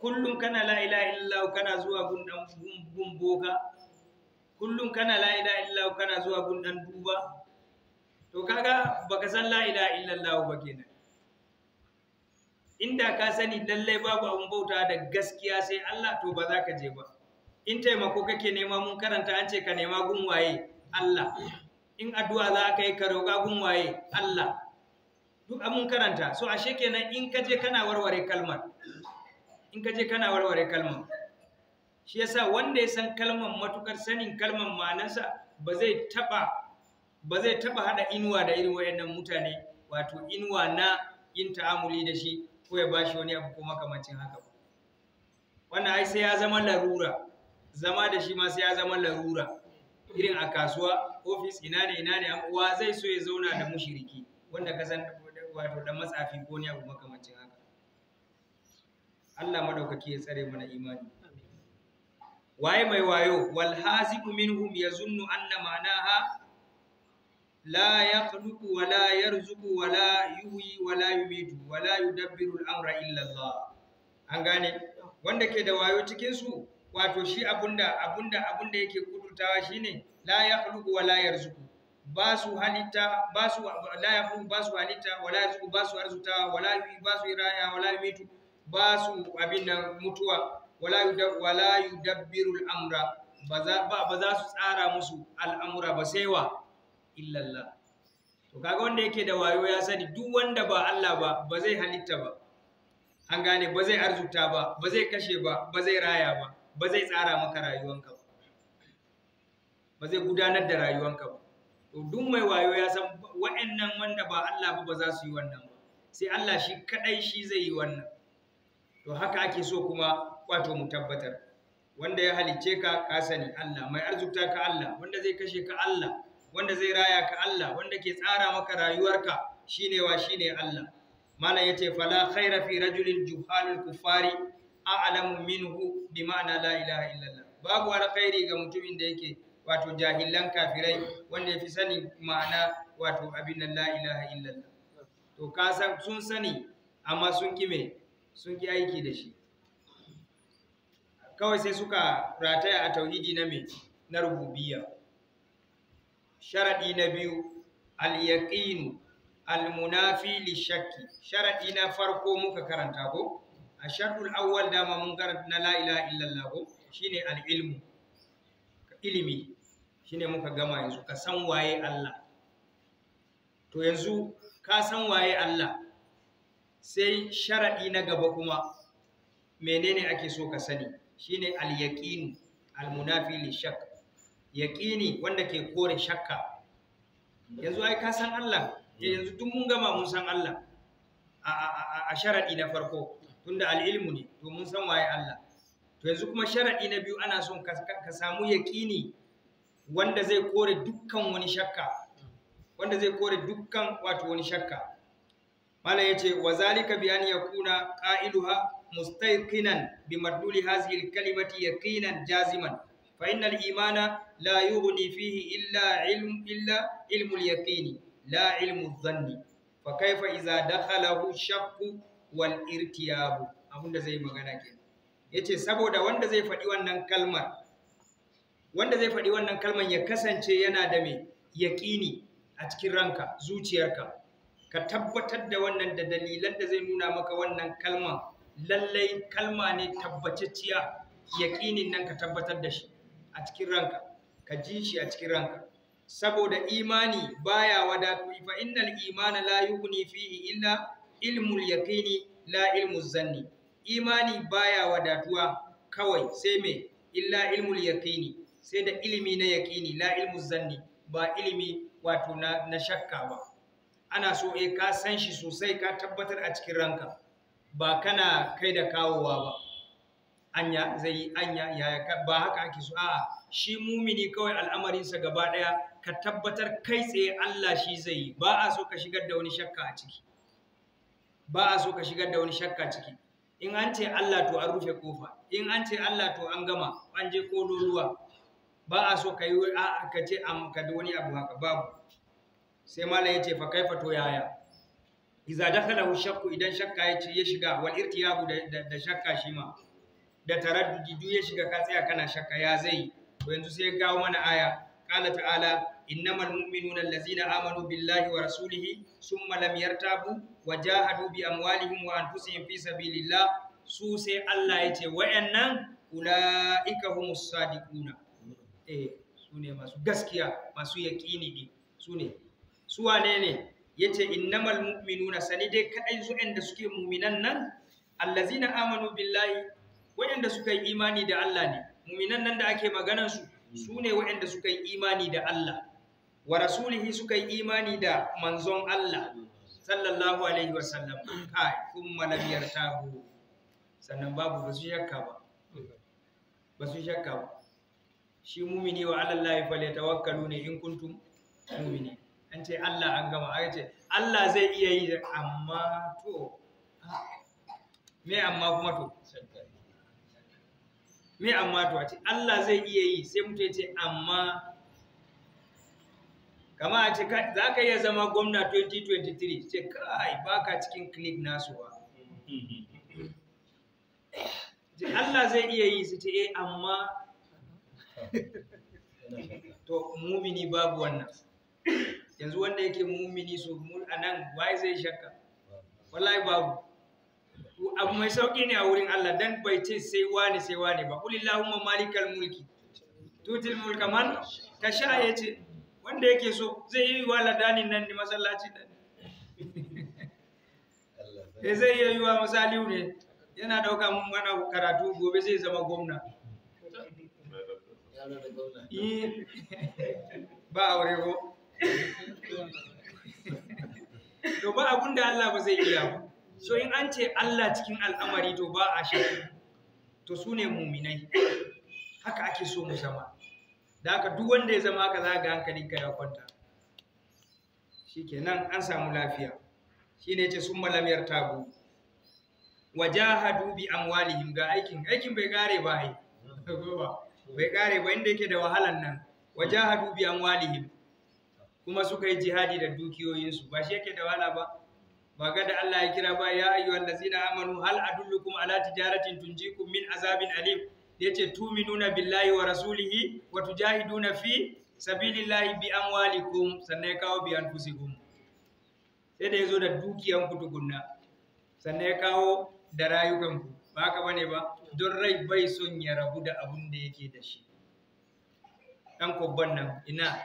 kullum kana la ilaha illallah kana zuwa gundan dan boka kullum kana la ilaha illallah kana zuwa gundan duba to kaga baka san la ilaha illallah ba kenan inda ka sani lallai babu abun bauta da gaskiya sai Allah to ba za ka je ba in taimako kake nema mun karanta an ce ka nema gunwaye Allah in addu'a za ka yi ka roƙa gunwaye Allah duk mun karanta so ashe kenan in ka je kana warware kalmar in ka je kana warware kalmar shi yasa wanda ya san kalmar matukar sanin kalmar ma'anarsa ba zai taba ba zai taba hada inuwa da irin wayannan mutane wato inuwa na yin ta'amuli da shi ko ya bashi wani abu ko makamancin haka ba. wannan ai sai ya zama larura zama da shi ma sai ya zama larura irin a kasuwa ofis ina ne ina ne an uwa zai so ya zauna da mushiriki wanda ka san wato da matsafi ko ne abu makamancin haka Allah madaukaki ya tsare mana imani waye mai wayo wal haziku minhum yazunnu anna manaha la yakhluqu wa la yarzuqu wa la yuhyi wa la yumitu wa la yudabbiru al-amra illa Allah an gane wanda ke da wayo cikin su wato shi abunda abunda abunda yake kudurtawa shine la yakhluqu wa la yarzuqu ba su halitta ba la ba su halitta wa la yarzuqu ba su arzuta wa la yuhyi ba su iraya wa la yumitu ba su abin da mutuwa wala yudab wala yudabbiru al-amra ba za su tsara musu al'amura ba sai wa illallah to kaga wanda yake da wayo ya sani duk wanda ba Allah ba ba zai halitta ba an gane ba zai arzuta ba ba zai kashe ba ba zai raya ba ba zai tsara maka rayuwanka ba ba zai gudanar da rayuwanka ba to duk mai wayo ya san wa'annan wanda ba Allah ba ba za su yi wannan ba sai Allah shi kadai shi zai yi wannan to haka ake so kuma wato mu tabbatar wanda ya halicce ka ka sani Allah mai arzuta ka Allah wanda zai kashe ka Allah wanda zai raya ka Allah wanda ke tsara maka rayuwarka shine wa shine Allah malam yace fala khaira fi rajulin juhalul kufari a'lamu minhu bi ma'ana la ilaha illallah babu alkhairi ga mutumin da yake wato jahilan kafirai wanda yafi sani ma'ana wato abin la ilaha illallah to ka san sun sani amma sun ki aiki da shi kawai sai suka rataya a tauhidi na me na rububiyya sharadi na biyu al-yaqin al-munafi lishakki sharadi na farko muka karanta ko a sharadul awwal dama mun karanta na la illallah ko shine al-ilmu ilimi shine muka gama yanzu ka san waye Allah to yanzu ka san waye Allah sai sharadi na gaba kuma menene ake so ka sani shine al-yaqin al-munafi lishakki yaƙini wanda ke kore shakka yanzu ai ka san Allah yanzu tun mun gama mun san Allah a sharaɗi na farko tunda al'ilmu ne to mun san waye Allah to yanzu kuma sharaɗi na biyu ana son ka samu yaƙini wanda zai kore dukkan wani shakka wanda zai kore dukkan wato wani shakka mala yace wa zalika bi an yakuna qailuha mustayqinan bi madluli hadhihi al-kalimati yaqinan jaziman فإن الإيمان لا يغني فيه إلا علم إلا علم اليقين لا علم الظن فكيف إذا دخله الشك والارتياب abin da zai magana ke yace saboda wanda zai faɗi wannan kalmar wanda zai faɗi wannan kalmar ya kasance yana da me yaƙini a cikin ranka zuciyarka ka tabbatar da wannan da dalilan da zai nuna maka wannan kalman lallai kalma ne tabbatacciya yaƙinin nan ka tabbatar da shi a cikin ranka ka ji shi a cikin ranka saboda imani baya wadatu fa innal imana la yughni fihi illa ilmul yaqini la ilmu zanni imani baya wadatuwa kawai sai me illa ilmul yaqini sai da ilimi na yaqini la ilmu zanni ba ilimi wato na, na shakka ba ana so eh ka san shi sosai ka tabbatar a cikin ranka ba kana kai da kawowa ba anya zai yi anya yaya ba haka ake so a'a shi mumini kawai al'amarinsa gaba daya ka tabbatar kai tsaye Allah shi zai yi ba a so ka shigar da wani shakka a ciki ba a so ka shigar da wani shakka ciki in an ce Allah to an rufe kofa in an ce Allah to an gama an je ruwa ba a so ka yi 'A'a ka ce am ka da wani abu haka babu sai malam ya ce fa kaifa to yaya iza dakhala shakku idan shakka ya ce ya shiga wal irtiyabu da shakka shi ma da taraddudi duk ya shiga ka tsaya kana shakka ya zai to yanzu sai ya kawo mana aya qala ta'ala innamal mu'minuna allazina amanu billahi wa rasulihi summa lam yartabu wa jahadu bi amwalihim wa anfusihim fi sabilillah su sai Allah ya ce ulaika humus sadiquna eh sune masu gaskiya masu yaqini din sune su wane ne yace innamal mu'minuna sani dai kadai su inda suke mu'minan nan allazina amanu billahi waɗanda suka yi imani da Allah ne muminan nan da ake maganan su su ne waɗanda suka yi imani da Allah wa rasulihi suka yi imani da manzon Allah sallallahu alaihi wa sallam kai kuma lam yartahu sannan babu ba su shakka ba ba su shakka ba shi mumini wa alallahi tawakkalu ne in kuntum mumini an ce Allah an gama an ce Allah zai iya yi amma to me amma kuma to me amma to a ce Allah zai iya yi sai mutum ya ce amma kama a ce za ka iya zama gwamna 2023 ce kai ka cikin klik nasu ba Allah zai iya yi su ce eh amma to mumini babu wannan yanzu wanda yake mumini su a nan wai zai shakka wallahi babu To abu mai sauki ne a wurin Allah dan bai ce sai wani sai wani ba kulillahumma malikal mulki tutil mulka man ka sha ya ce wanda yake so zai yi wa ladanin nan ni masallaci da ne eh, zai yi wa masaliu ne yana dauka mun gana karatu gobe zai zama gwamna ba aure ko to ba abun da Allah ba zai iya ba so in an ce Allah cikin al'amari to ba a to su ne muminai haka ake so mu zama da haka duk wanda ya zama haka za ga ka ya kwanta nan, an samu lafiya Shi ne ce sun malamiyar tabu wajahadu bi amwalihim ga aikin aikin bai kare ba ai bai kare ba inda yake da wahalan nan wajahadu bi amwalihim kuma suka yi jihadi da dukiyoyinsu ba shi yake da wahala ba ba da Allah ya kira ba ya ayyuhal ladzina amanu hal adullukum ala tijaratin tunjikum min azabin alim yace tuminuna billahi wa rasulihi wa na fi sabilillahi bi amwalikum sannan ya kawo bi anfusikum sai da yazo da dukiyan ku tukunna sannan kawo da rayukanku ku ba ka bane ba don rai bai son ya rabu da abun da yake da shi Ɗan kobban nan ina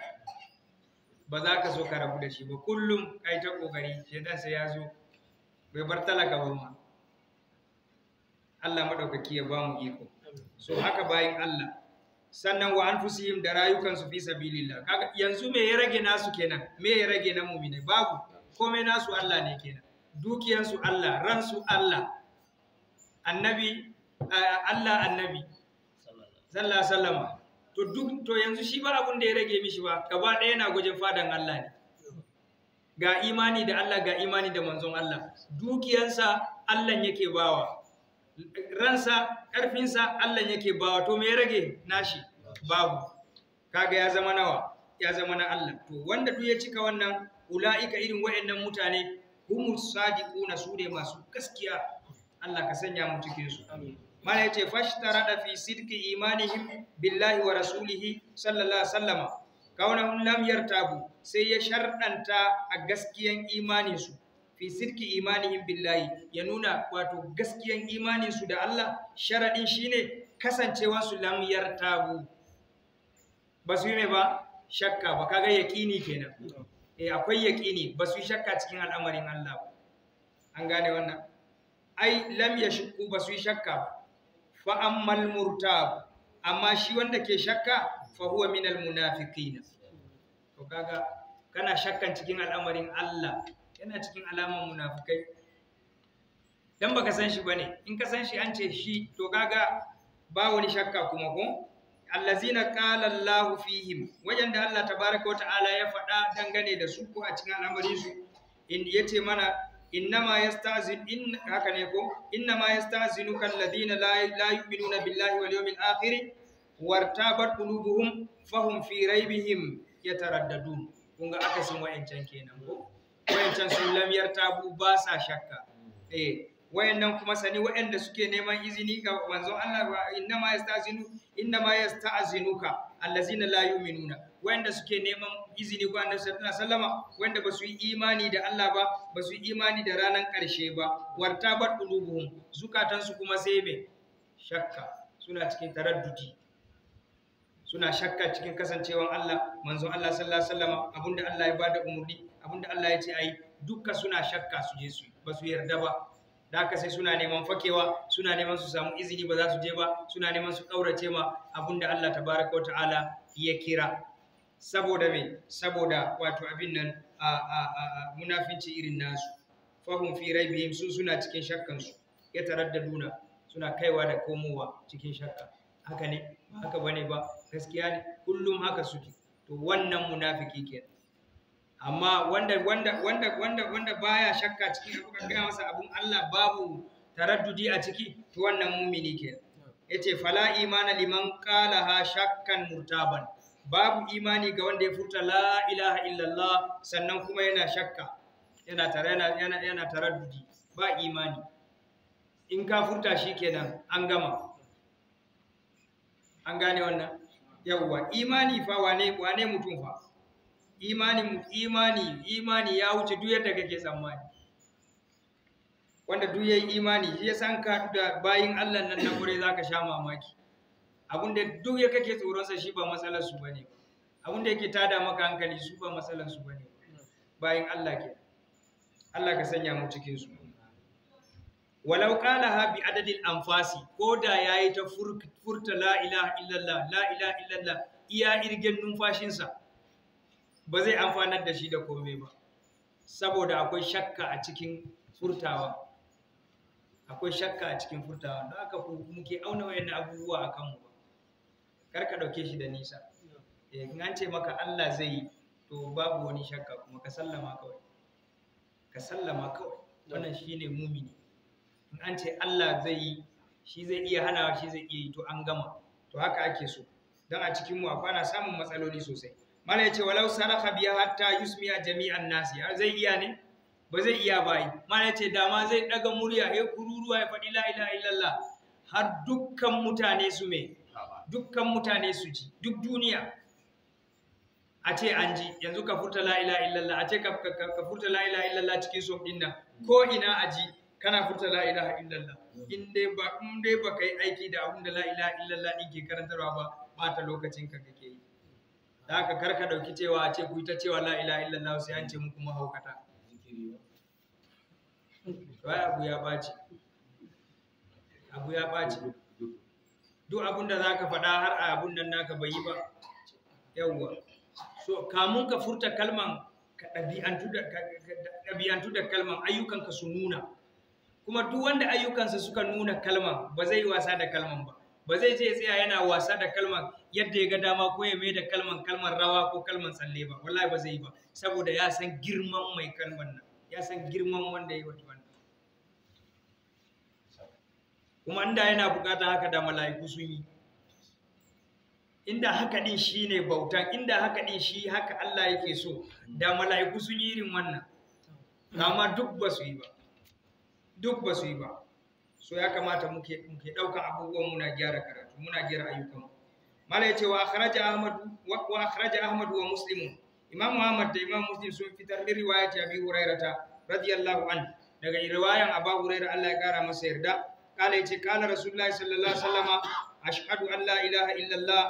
ba za ka so ka rabu da shi ba kullum kai ta kokari shedan sai ya zo bai bar talaka ba ma Allah madaukaki ya ba mu iko so haka bayin Allah sannan wa anfusihim da rayukansu fi sabilillah kaga yanzu me ya rage nasu kenan me ya rage na mu'mina babu komai nasu Allah ne kenan dukiyansu Allah ransu Allah annabi eh, Allah annabi sallallahu alaihi wasallam to duk to yanzu shi ba abun da ya rage mishi ba gaba ɗaya yana gwajin fadan Allah ne ga imani da Allah ga imani da manzon Allah dukiyansa Allah yake bawa ransa ƙarfinsa Allah yake bawa to me ya rage nashi babu kaga ya zama nawa ya zama na Allah to wanda duk ya cika wannan ula'ika irin waɗannan mutane humus sadiquna su ne masu gaskiya Allah ka sanya mu cikin su amin mala yace da fi sidqi imanihim billahi wa rasulihi sallallahu alaihi wasallam kaunahum lam yartabu sai ya shardanta a gaskiyan imani su fi sidqi imanihim billahi ya nuna wato gaskiyan imani su da Allah sharadin shine kasancewa su lam yartabu ba su yi mai ba shakka ba kaga yaƙini kenan eh akwai yaƙini ba su yi shakka cikin al'amarin Allah an gane wannan ai lam yashku ba su yi shakka ba fa ammal murtab amma shi wanda ke shakka fa huwa minal munafiqina to kaga kana shakkan cikin al'amarin Allah yana cikin alaman munafikai dan baka san shi bane in ka san shi an ce shi to kaga ba wani shakka kuma ko allazina qala Allah fihim wajen da Allah baraka wa ta'ala ya faɗa dangane da su ko a cikin al'amarin su in yace mana innama yasta'zin in haka ne ko innama yasta'zinuka ladina la la yu'minuna billahi wal yawmil akhir wartabat qulubuhum fahum fi ya yataraddadun Kunga ga akasin wayancan kenan ko wayancan sun lam yartabu ba sa shakka wayannan kuma sani wayanda suke neman izini ga manzon Allah inna ma yastazinu inna ma yastazinuka allazina la yu'minuna wayanda suke neman izini ga annabi sallallahu alaihi wasallama wayanda ba su yi imani da Allah ba ba su yi imani da ranan karshe ba warta wartabat zukatan su kuma sai me shakka suna cikin taraddudi suna shakka cikin kasancewan Allah manzon Allah sallallahu alaihi wasallama abinda Allah ya bada umurni abinda Allah ya ce ayi duka suna shakka su je su ba su yarda ba da haka sai suna neman fakewa suna neman su samu izini ba za su je ba suna neman su kaurace ma abin da Allah tabaraka ta'ala ya kira saboda me saboda wato abin nan a a a munafinci irin nasu fahum fi raibihim su suna cikin shakkan su ya taraddaduna suna kaiwa da komowa cikin shakka haka ne haka bane ba gaskiya ne kullum haka suke to wannan munafiki kenan amma wanda wanda wanda wanda wanda baya shakka cikin abu kan gaya masa abun Allah babu taraddudi a ciki to wannan mumini ke yace fala imana liman qalaha shakkan murtaban babu imani ga wanda ya furta la ilaha illallah sannan kuma yana shakka yana tare yana yana, yana taraddudi ba imani in ka furta shi kenan an gama an gane wannan yawwa imani fa wane wane mutum fa imani imani imani ya wuce duk yadda kake tsammani wanda duk yayi imani shi ya san ka da bayin Allah nan na gure zaka sha mamaki abun da duk ya kake tsoron sa shi ba matsalar su bane abun da yake tada maka hankali su ba matsalar su bane bayin Allah ke Allah ka sanya mu cikin su walau ha bi adadil anfasi ko da yayi ta furta la ilaha illallah la ilaha illallah iya irgen numfashinsa ba zai amfanar da shi da komai ba saboda akwai shakka a cikin furtawa akwai shakka a cikin furtawa don haka muke auna wayan abubuwa a kanmu ba kar ka ɗauke shi da nisa eh, in an ce maka Allah zai yi to babu wani shakka kuma ka sallama kawai ka sallama kawai wannan shine mumini in an ce Allah zai yi shi zai iya hanawa shi zai iya yi to an gama to haka ake so don a cikinmu akwai ana samun matsaloli sosai mala yace walau saraka biya hatta yusmiya jami'an nasi zai iya ne ba zai iya bai mala yace da ma zai daga murya ya kururuwa ya faɗi la ilaha illallah har dukkan mutane su me dukkan mutane su ji duk duniya a ce an ji yanzu ka furta la ilaha illallah a ce ka furta la ilaha illallah cikin so din nan ko ina a ji kana furta la ilaha illallah in dai ba in dai ba kai aiki da abin da la ilaha illallah din ke karantarwa ba ba ta lokacin ka kake yi da aka karka dauki cewa a ce ku ita cewa la illa Allah sai an ce muku mahaukata wai abu ya baci abu ya baci duk abun da zaka faɗa har a abun nan naka bai yi ba yawwa so kamun ka furta kalman ka ɗabi'antu da ɗabi'antu da kalman ayyukanka su nuna kuma duk wanda ayyukansa suka nuna kalman ba zai yi wasa da kalman ba ba zai je tsaya yana wasa da kalmar yadda ya ga dama ko ya mai da kalmar kalmar rawa ko kalmar tsalle ba wallahi ba zai yi ba saboda ya san girman mai kalmar nan ya san girman wanda ya yi wata wannan kuma inda yana bukata haka da mala'iku sun yi inda haka din shi ne bautan inda haka din shi haka Allah yake so da mala'iku sun yi irin wannan amma duk ba su yi ba duk ba su yi ba so ya kamata muke muke daukan abubuwan muna gyara karatu muna gyara ayyukan mala yace wa akhraja ahmad wa akhraja ahmad wa muslim imam ahmad da imam muslim sun fitar da ta abi ta radiyallahu anhu daga riwayan abu hurairah Allah ya kara masa yarda kala yace kala rasulullahi sallallahu alaihi wasallam ashhadu an la ilaha illallah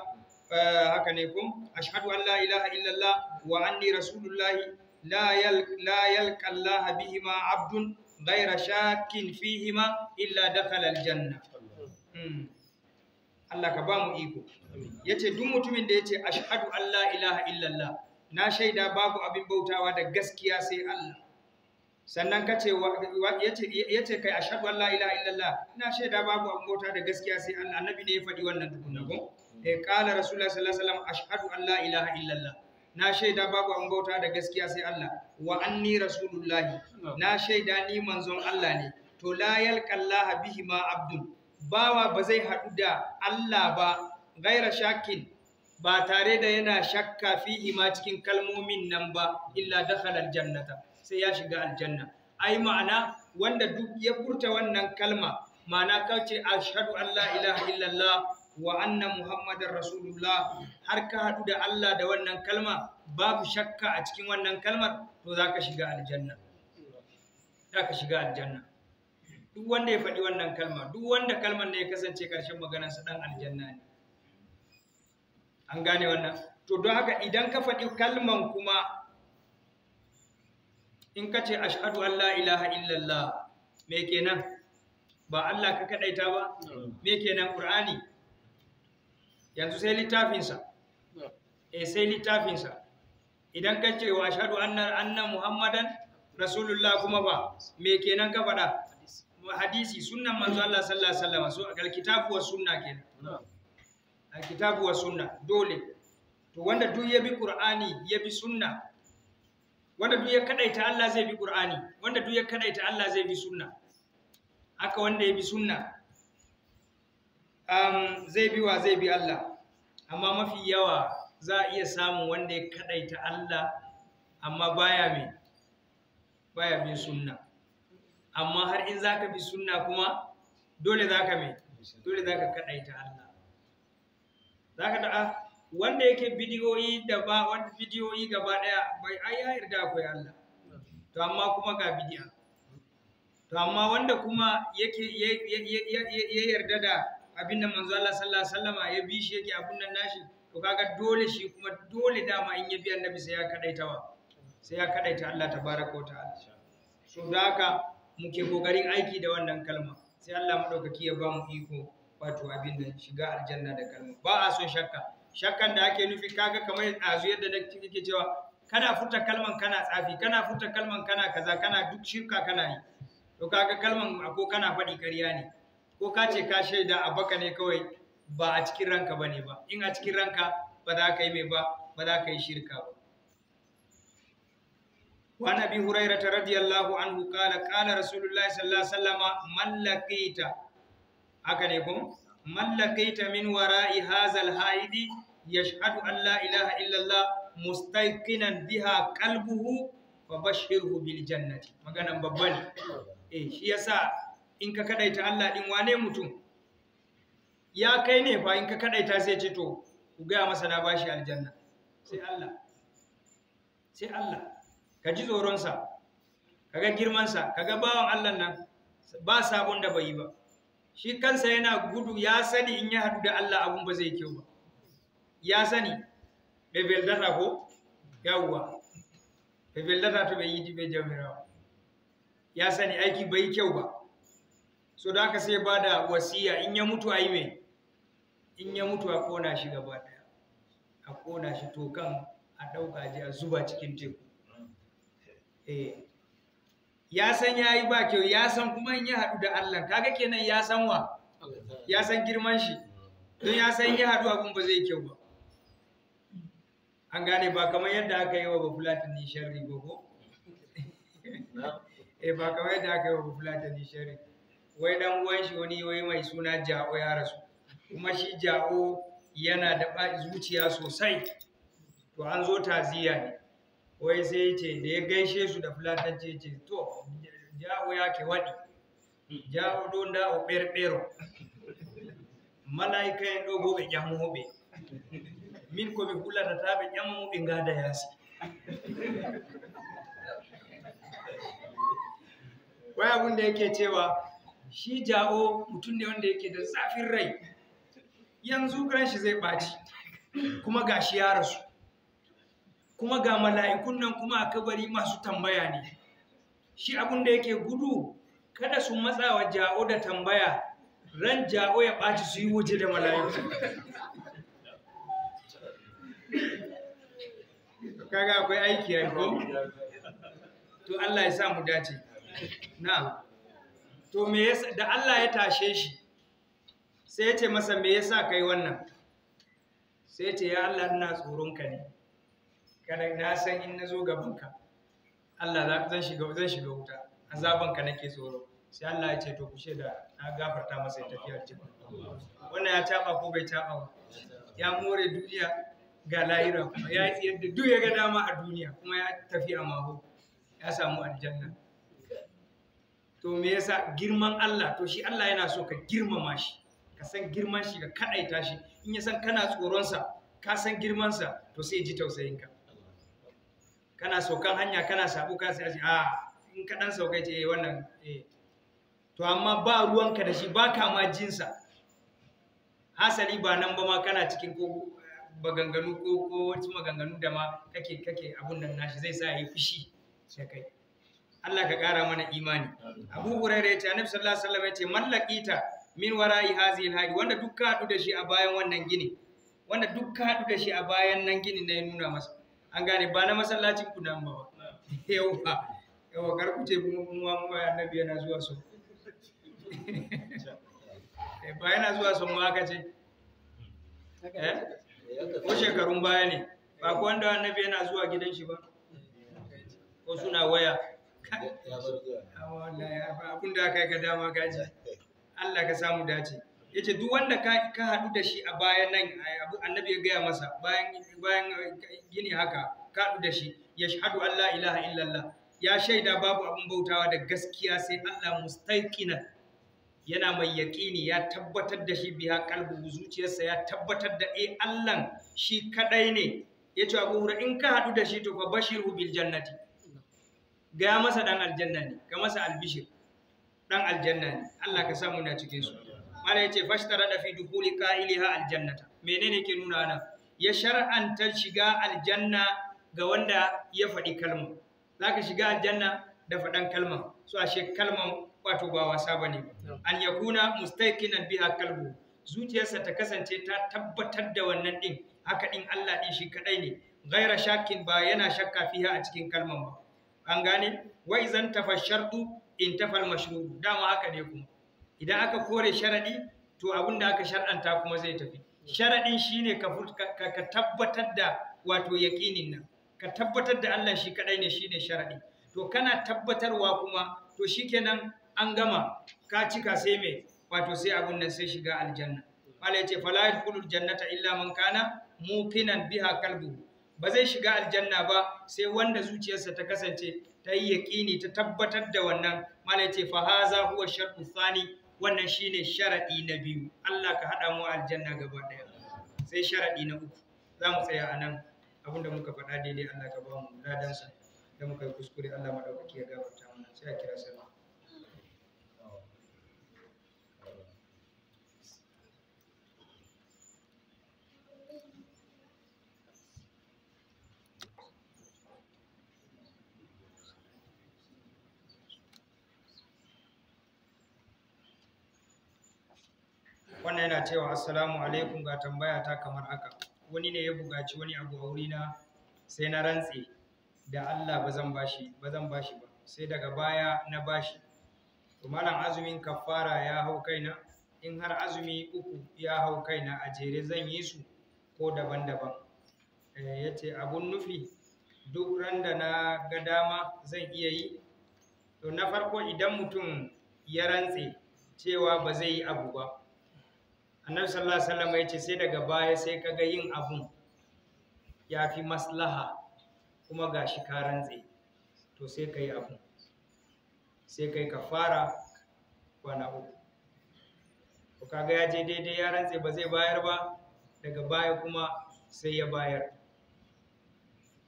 eh, haka ne kum ashhadu an la ilaha illallah wa anni rasulullahi la yal la yalqa Allah bihima abdun gaira shakin fihima illa dakhala aljanna Allah ka ba mu iko yace duk mutumin da yace ashhadu an Allah, ilaha illallah na shaida babu abin bautawa da gaskiya sai Allah sannan kace yace yace kai ashhadu an la ilaha illallah na shaida babu abin bauta da gaskiya sai Allah annabi ne ya faɗi wannan tukunna ko eh qala rasulullah sallallahu alaihi wasallam ashhadu an la ilaha illallah na shaida babu an bauta da gaskiya sai Allah wa anni rasulullahi na shaida ni manzon Allah ne to la yalqallaha bihi ma abdun bawa ba zai hadu da Allah ba gaira shakin ba tare da yana shakka fihi ma cikin kalmomin nan ba illa dakhala aljannata sai ya shiga aljanna ai ma'ana wanda duk ya furta wannan kalma ma'ana kace ashhadu an la ilaha illallah wa anna muhammadar rasulullah har ka haɗu da Allah da wannan kalma babu shakka a cikin wannan kalmar to za ka shiga aljanna za ka shiga aljanna duk wanda ya faɗi wannan kalma duk wanda kalmar ne ya kasance ƙarshen maganarsa ɗan aljanna ne an gane wannan to don haka idan ka faɗi kalman kuma in ka ce ashadu an la ilaha illallah me kenan ba Allah ka kaɗaita ba me kenan ƙur'ani yanzu sai littafinsa Eh sai littafinsa idan ka ce wa shaɗu annan annan muhammadan rasulullah kuma ba me kenan ka faɗa hadisi sunnan manzo Allah sallallahu alaihi wasallam so al kitabu was sunna kenan al kitabu was sunna dole to wanda duk ya bi qur'ani ya bi sunna wanda duk ya kadaita Allah zai bi qur'ani wanda duk ya kadaita Allah zai bi sunna haka wanda ya bi sunna Um, zai bi wa zai bi Allah amma mafi yawa za a iya samun wanda ya kadaita Allah amma baya mai baya bin sunna amma har in za ka bi sunna kuma dole ka mai dole zaka kadaita Allah Za ka ta'a? Ah, wanda yake bidiyoyi da ba wanda bidiyoyi gaba daya bai ya yarda akwai Allah to amma kuma ga bidiya to amma wanda kuma yake ya yarda da abin da manzo Allah sallallahu alaihi wasallama ya bi shi yake abun nan nashi to kaga dole shi kuma dole dama in ya bi annabi sai ya kadaitawa sai ya kadaita Allah tabaraka wa ta'ala so da haka muke kokarin aiki da wannan kalma sai Allah madaukaki ya ba mu iko wato abin da shiga aljanna da kalma ba a son shakka shakkan da ake nufi kaga kamar azu yadda da kike cewa kana futa kalman kana tsafi kana futa kalman kana kaza kana duk shirka kana yi to kaga kalman ko kana faɗi ƙarya ne ko ka ce ka shaida a baka ne kawai ba a cikin ranka ba ne ba in a cikin ranka ba za ka yi mai ba ba za ka yi shirka ba wa nabi huraira ta radiyallahu anhu kala kala rasulullahi sallallahu sallama haka ne kun mallakaita min wara'i hazal haidi ya an Allah ilaha illallah mustaqinan biha kalbuhu fa bashirhu bil jannati maganan babban eh shi yasa in ka kadaita Allah din wane mutum ya kai ne fa in ka kadaita sai ce to ku gaya masa na bashi aljanna sai Allah sai Allah ka ji tsoronsa kaga girmansa kaga bawan Allah nan ba sabon da bai yi ba shi kansa yana gudu ya sani in ya hadu da Allah abun ba zai kyau ba ya sani bai beldata ko yawwa bai beldata to bai yi bai jamirawa ya sani aiki bai kyau ba so da haka sai ba da wasiya in ya mutu a yi mai in ya mutu a kona shi gaba daya a kona shi tokan a ɗauka ji a zuba cikin teku eh. ya san ya yi ba kyau ya san kuma in ya haɗu da allah kaga kenan ya san wa ya san girman shi don ya san ya haɗu abin ba zai kyau ba an gane ba kamar yadda aka yi wa bafulatin ni sharri ba ko eh, ba kamar yadda aka yi wa bafulatin ni sharri wai dan uwan shi wani wai mai suna ja'o ya rasu kuma shi ja'o yana da zuciya sosai to an zo taziya ne wai sai ce da ya gaishe su da fulatanci ce to ja'o ya ke waɗi ja'o don da'o ɓerɓero mala'ikan ɗo bo ɓe min ko ɓe hulata ta ɓe ƴammoɓe ngada yasi wai abin da yake cewa shi ja'o mutum ne wanda yake da zafin rai yanzu ran shi zai ɓaci kuma ga shi ya rasu kuma ga mala'ikun nan kuma a kabari masu tambaya ne shi abin da yake gudu kada su matsa wa ja'o da tambaya ran ja'o ya ɓaci su yi waje da mala'iku kaga akwai aiki ya to Allah ya sa mu dace na'am to me yasa da Allah ya tashe shi sai ya ce masa me yasa kai wannan sai ya ce ya Allah ina tsoron ka ne kana na san in nazo gaban ka Allah zan shiga zan shiga wuta azaban ka nake tsoro sai Allah ya ce to kushe da na gafarta masa ya tafi aljanna wannan ya taba ko bai taba ba ya more duniya ga lahira kuma ya yi da duk ya ga dama a duniya kuma ya tafi a maho ya samu aljanna to me yasa girman Allah to shi Allah yana so ka girmama shi ka san girman shi ka kadaita shi in ya san kana tsoron sa ka san girman sa to sai ji tausayin ka kana saukan hanya kana sabu ka sai a ah, in ka dan saukai ce eh, wannan eh to amma ba ruwan ka da shi ba ka ma jinsa hasali ba nan ba ma kana cikin ko baganganu ko ko maganganu da ma kake kake abun nan nashi zai sa yi fushi sai kai Allah ka ƙara mana imani Abu Hurairu ya ce Annabi sallallahu alaihi wasallam ya ce mallakita min wara'i hazihi alhadi wanda duk ka haɗu da shi a bayan wannan gini wanda duk ka haɗu da shi a bayan nan gini na ya nuna masa an gane ba na masallacin ku nan ba yawa yawa kar ku ce kuma kuma mu annabi yana zuwa so eh, ba yana zuwa son mu aka ce eh? ko shekarun baya ne ba ko wanda annabi yana zuwa gidan shi ba ko suna waya abin da aka yi ka dama gaji Allah ka samu dace ya ce duk wanda ka haɗu da shi a bayan nan annabi ya gaya masa bayan gini haka ka haɗu da shi ya shahadu Allah ilaha illallah ya shaida babu abin bautawa da gaskiya sai Allah mustaqina yana mai yaƙini ya tabbatar da shi biya kalbu zuciyarsa ya tabbatar da eh Allah shi kadai ne ya ce abu in ka haɗu da shi to fa bashiru bil jannati gaya masa dan aljanna ne ka masa albishir dan aljanna ne Allah ka samu na cikin su mala yace fashtara da fi dukhuli qa'iliha aljannata menene ke nuna nan ya shar'anta shiga aljanna ga wanda ya faɗi kalma zaka shiga aljanna da faɗan kalma so ashe kalman wato ba wasa bane an yakuna mustayqinan biha kalbu zuciyarsa ta kasance ta tabbatar da wannan din haka din Allah din shi kadai ne Gaira shakkin ba yana shakka fiha a cikin kalman ba an gane wa izan tafa shartu in tafal mashrubu dama haka ne kuma idan aka kore sharadi to abin da aka shar'anta kuma zai tafi sharadin shine ka ka tabbatar da wato yaqinin nan ka tabbatar da Allah shi kadai ne shine sharadi to kana tabbatarwa kuma to shikenan an gama ka cika sai me wato sai abun nan sai shiga aljanna Allah ya ce fala yadkhulul jannata illa man kana muqinan biha qalbuhu ba zai shiga aljanna ba sai wanda zuciyarsa ta kasance ta yi yaƙini ta tabbatar da wannan malai ce fa haza huwa shartu thani wannan shine sharaɗi na biyu Allah ka hada mu aljanna gaba daya sai sharadi na uku za mu tsaya a nan abinda muka faɗa daidai Allah ka ba mu ladansa da muka yi kuskure Allah madaukaki ya gafarta mana sai a kira sai wannan yana cewa assalamu alaikum ga tambaya ta kamar haka wani ne ya bugaci wani abu a wurina sai na rantse da Allah ba zan bashi ba zan bashi ba sai daga baya na bashi to malam azumin kafara ya hau kaina in har azumi uku ya hau kaina a jere zan yi su ko daban-daban eh, Yace abun nufi duk randa na ga dama zan iya yi to na farko idan mutum ya rantse cewa ba zai yi abu ba annabi sallallahu alaihi wasallam ya ce sai daga baya sai kaga yin abun ya fi maslaha kuma gashi karan tse, to sai ka yi abun sai kai ka fara kwana uku to kaga ya je daidai ya rantse ba zai bayar ba daga baya kuma sai ya bayar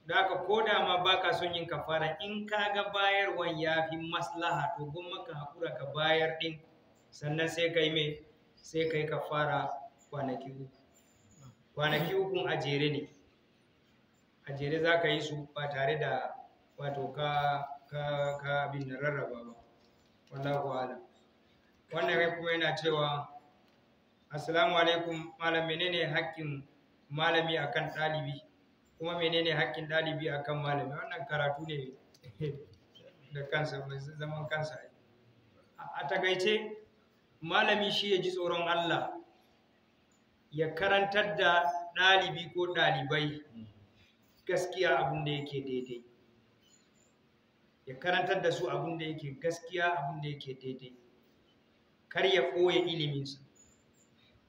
da ka koda ma baka son yin kafara in kaga bayarwan ya fi maslaha to gwamma ka haƙura ka bayar ɗin sannan sai kai mai sai kai ka fara kwanaki uku kwanaki uku a jere ne a jere za ka yi su ba tare da wato ka ka ka abin da rarraba ba wallahu alam wannan kai kuma yana cewa assalamu alaikum malam menene haƙƙin malami akan ɗalibi kuma menene haƙƙin ɗalibi akan malami wannan karatu ne da kansa zaman kansa a takaice malami shi ya ji tsoron Allah ya karantar da ɗalibi ko ɗalibai gaskiya abin da yake daidai ya karantar da su abin da yake gaskiya abin da yake daidai kar ya ɓoye iliminsa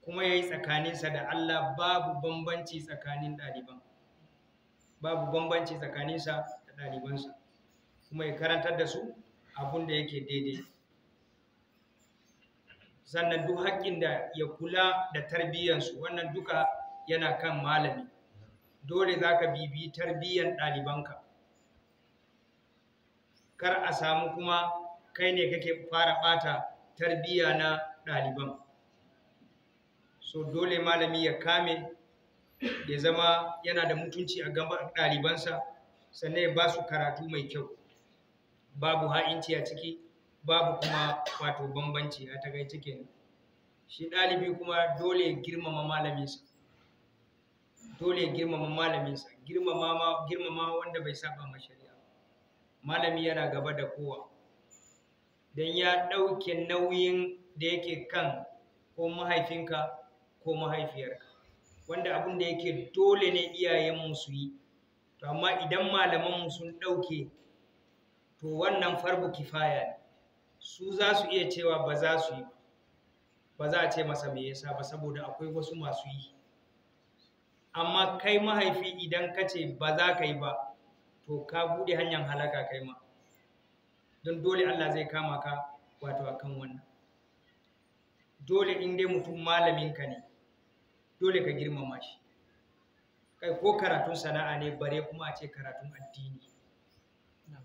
kuma ya yi tsakaninsa da Allah babu bambanci tsakanin ɗaliban babu bambanci tsakaninsa da ɗalibansa kuma ya karantar da su abin da yake daidai sannan duk haƙƙin da ya kula da tarbiyyansu wannan duka yana kan malami dole za ka bibi tarbiyyan ɗalibanka kar a samu kuma kai ne kake fara ɓata tarbiyya na ɗaliban so dole malami ya kame ya zama yana da mutunci a gaban ɗalibansa sannan ya ba su karatu mai kyau babu ha'inci a ciki babu kuma wato bambanci a takaice kenan shi ɗalibi kuma dole girmama malaminsa dole girmama malaminsa girmama wanda bai saba ma shari'a malami yana gaba da kowa don ya ɗauke nauyin da yake kan ko mahaifinka ko mahaifiyarka wanda abin da yake dole ne iyayenmu su yi to amma idan malamanmu sun ɗauke to wannan farbu kifaya ne su za su iya cewa ba za su yi ba za a ce masa me yasa ba saboda akwai wasu masu yi amma kai mahaifi idan ka ce ba za ka yi ba to ka buɗe hanyar halaka kai ma don dole Allah zai kama ka wato akan wannan dole in dai mutum ka ne dole ka girmama shi kai ko karatun sana'a ne bare kuma a ce karatun addini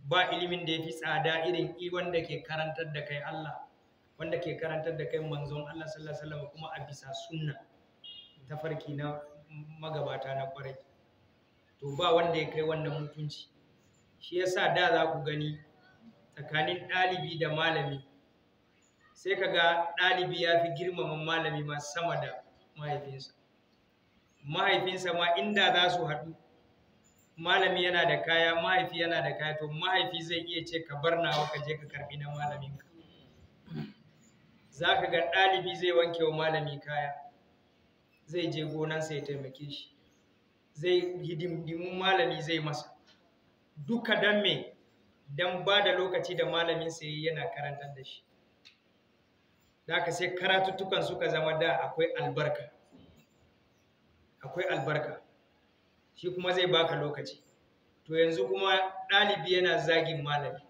ba ilimin da ya fi tsada irin wanda ke karantar da kai Allah wanda ke karantar da kai manzon Allah sallallahu alaihi kuma a bisa sunna tafarki na magabata na kwarai to ba wanda ya kai wannan mutunci shi yasa da za ku gani tsakanin ɗalibi da malami sai kaga ɗalibi ya fi girmama malami ma sama da mahaifinsa mahaifinsa ma inda za su haɗu malami yana da kaya mahaifi yana da kaya to mahaifi zai iya ce ka bar nawa ka je ka karbi na malaminka za ka ga ɗalibi zai wanke wa malami kaya zai je sa ya taimake shi zai hidimdimun malami zai masa duka dan me dan ba da lokaci da malamin yi yana karantar da shi da ka sai karatuttukan suka zama da akwai albarka akwai albarka shi kuma zai baka lokaci to yanzu kuma ɗalibi yana zagin malami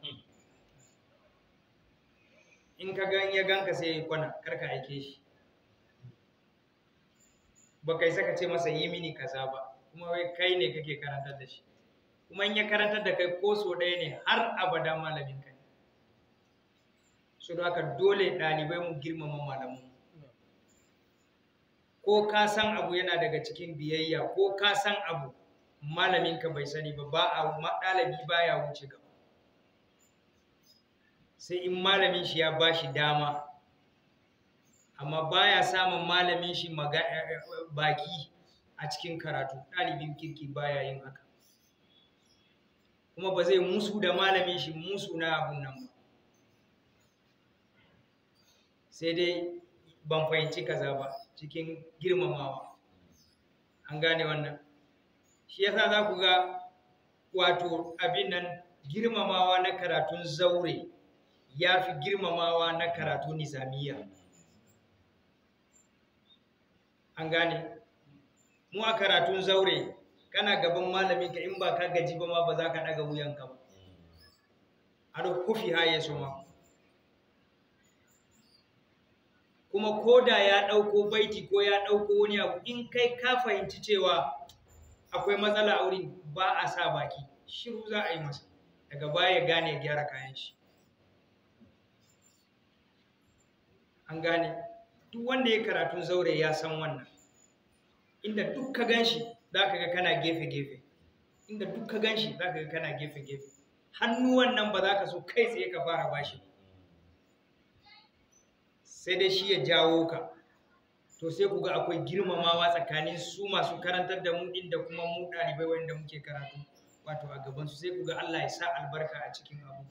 in ka gan ya ganka sai ya kwana karka aike shi ba kai saka ce masa yi mini kaza ba kuma kai ne kake karantar da shi kuma in ya karantar da kai ko so ɗaya ne har abada malamin ka ne su da haka dole ɗalibai mu girmama malamu ko ka san abu yana daga cikin biyayya ko ka san abu malaminka bai sani ba ba a ɗalibi baya wuce gaba sai in malamin shi ya bashi dama amma baya samun malamin shi eh, eh, baki a cikin karatu ɗalibin kirki baya yin haka kuma ba zai musu da malamin shi musu na abun nan ba sai dai ban fahimci kaza ba cikin girmamawa an gane wannan shi yasa za ku ga wato abin nan girmamawa na karatun zaure ya fi girmamawa na karatu nizamiya an gane mu a karatun zaure kana gaban malamin ka in ba ka gaji ba ma ba za ka daga wuyanka ba a da kufi haye su ma kuma koda ya ɗauko baiti ko ya ɗauko wani abu in kai ka fahimci cewa akwai matsala a wurin ba a sa baki shiru za a yi masa daga baya gane ya gyara kayan shi an gane duk wanda ya karatun zaure ya san wannan inda duk ka gan shi za ka ga kana gefe-gefe inda duk ka gan shi za ka ga kana gefe-gefe hannuwan nan ba za ka so kai tsaye ka fara bashi ba sai dai shi ya jawo ka to sai ku ga akwai girmamawa tsakanin su masu karantar da mu inda kuma mu ɗalibai wanda muke karatu wato a gaban su sai ku ga Allah ya sa albarka a cikin abu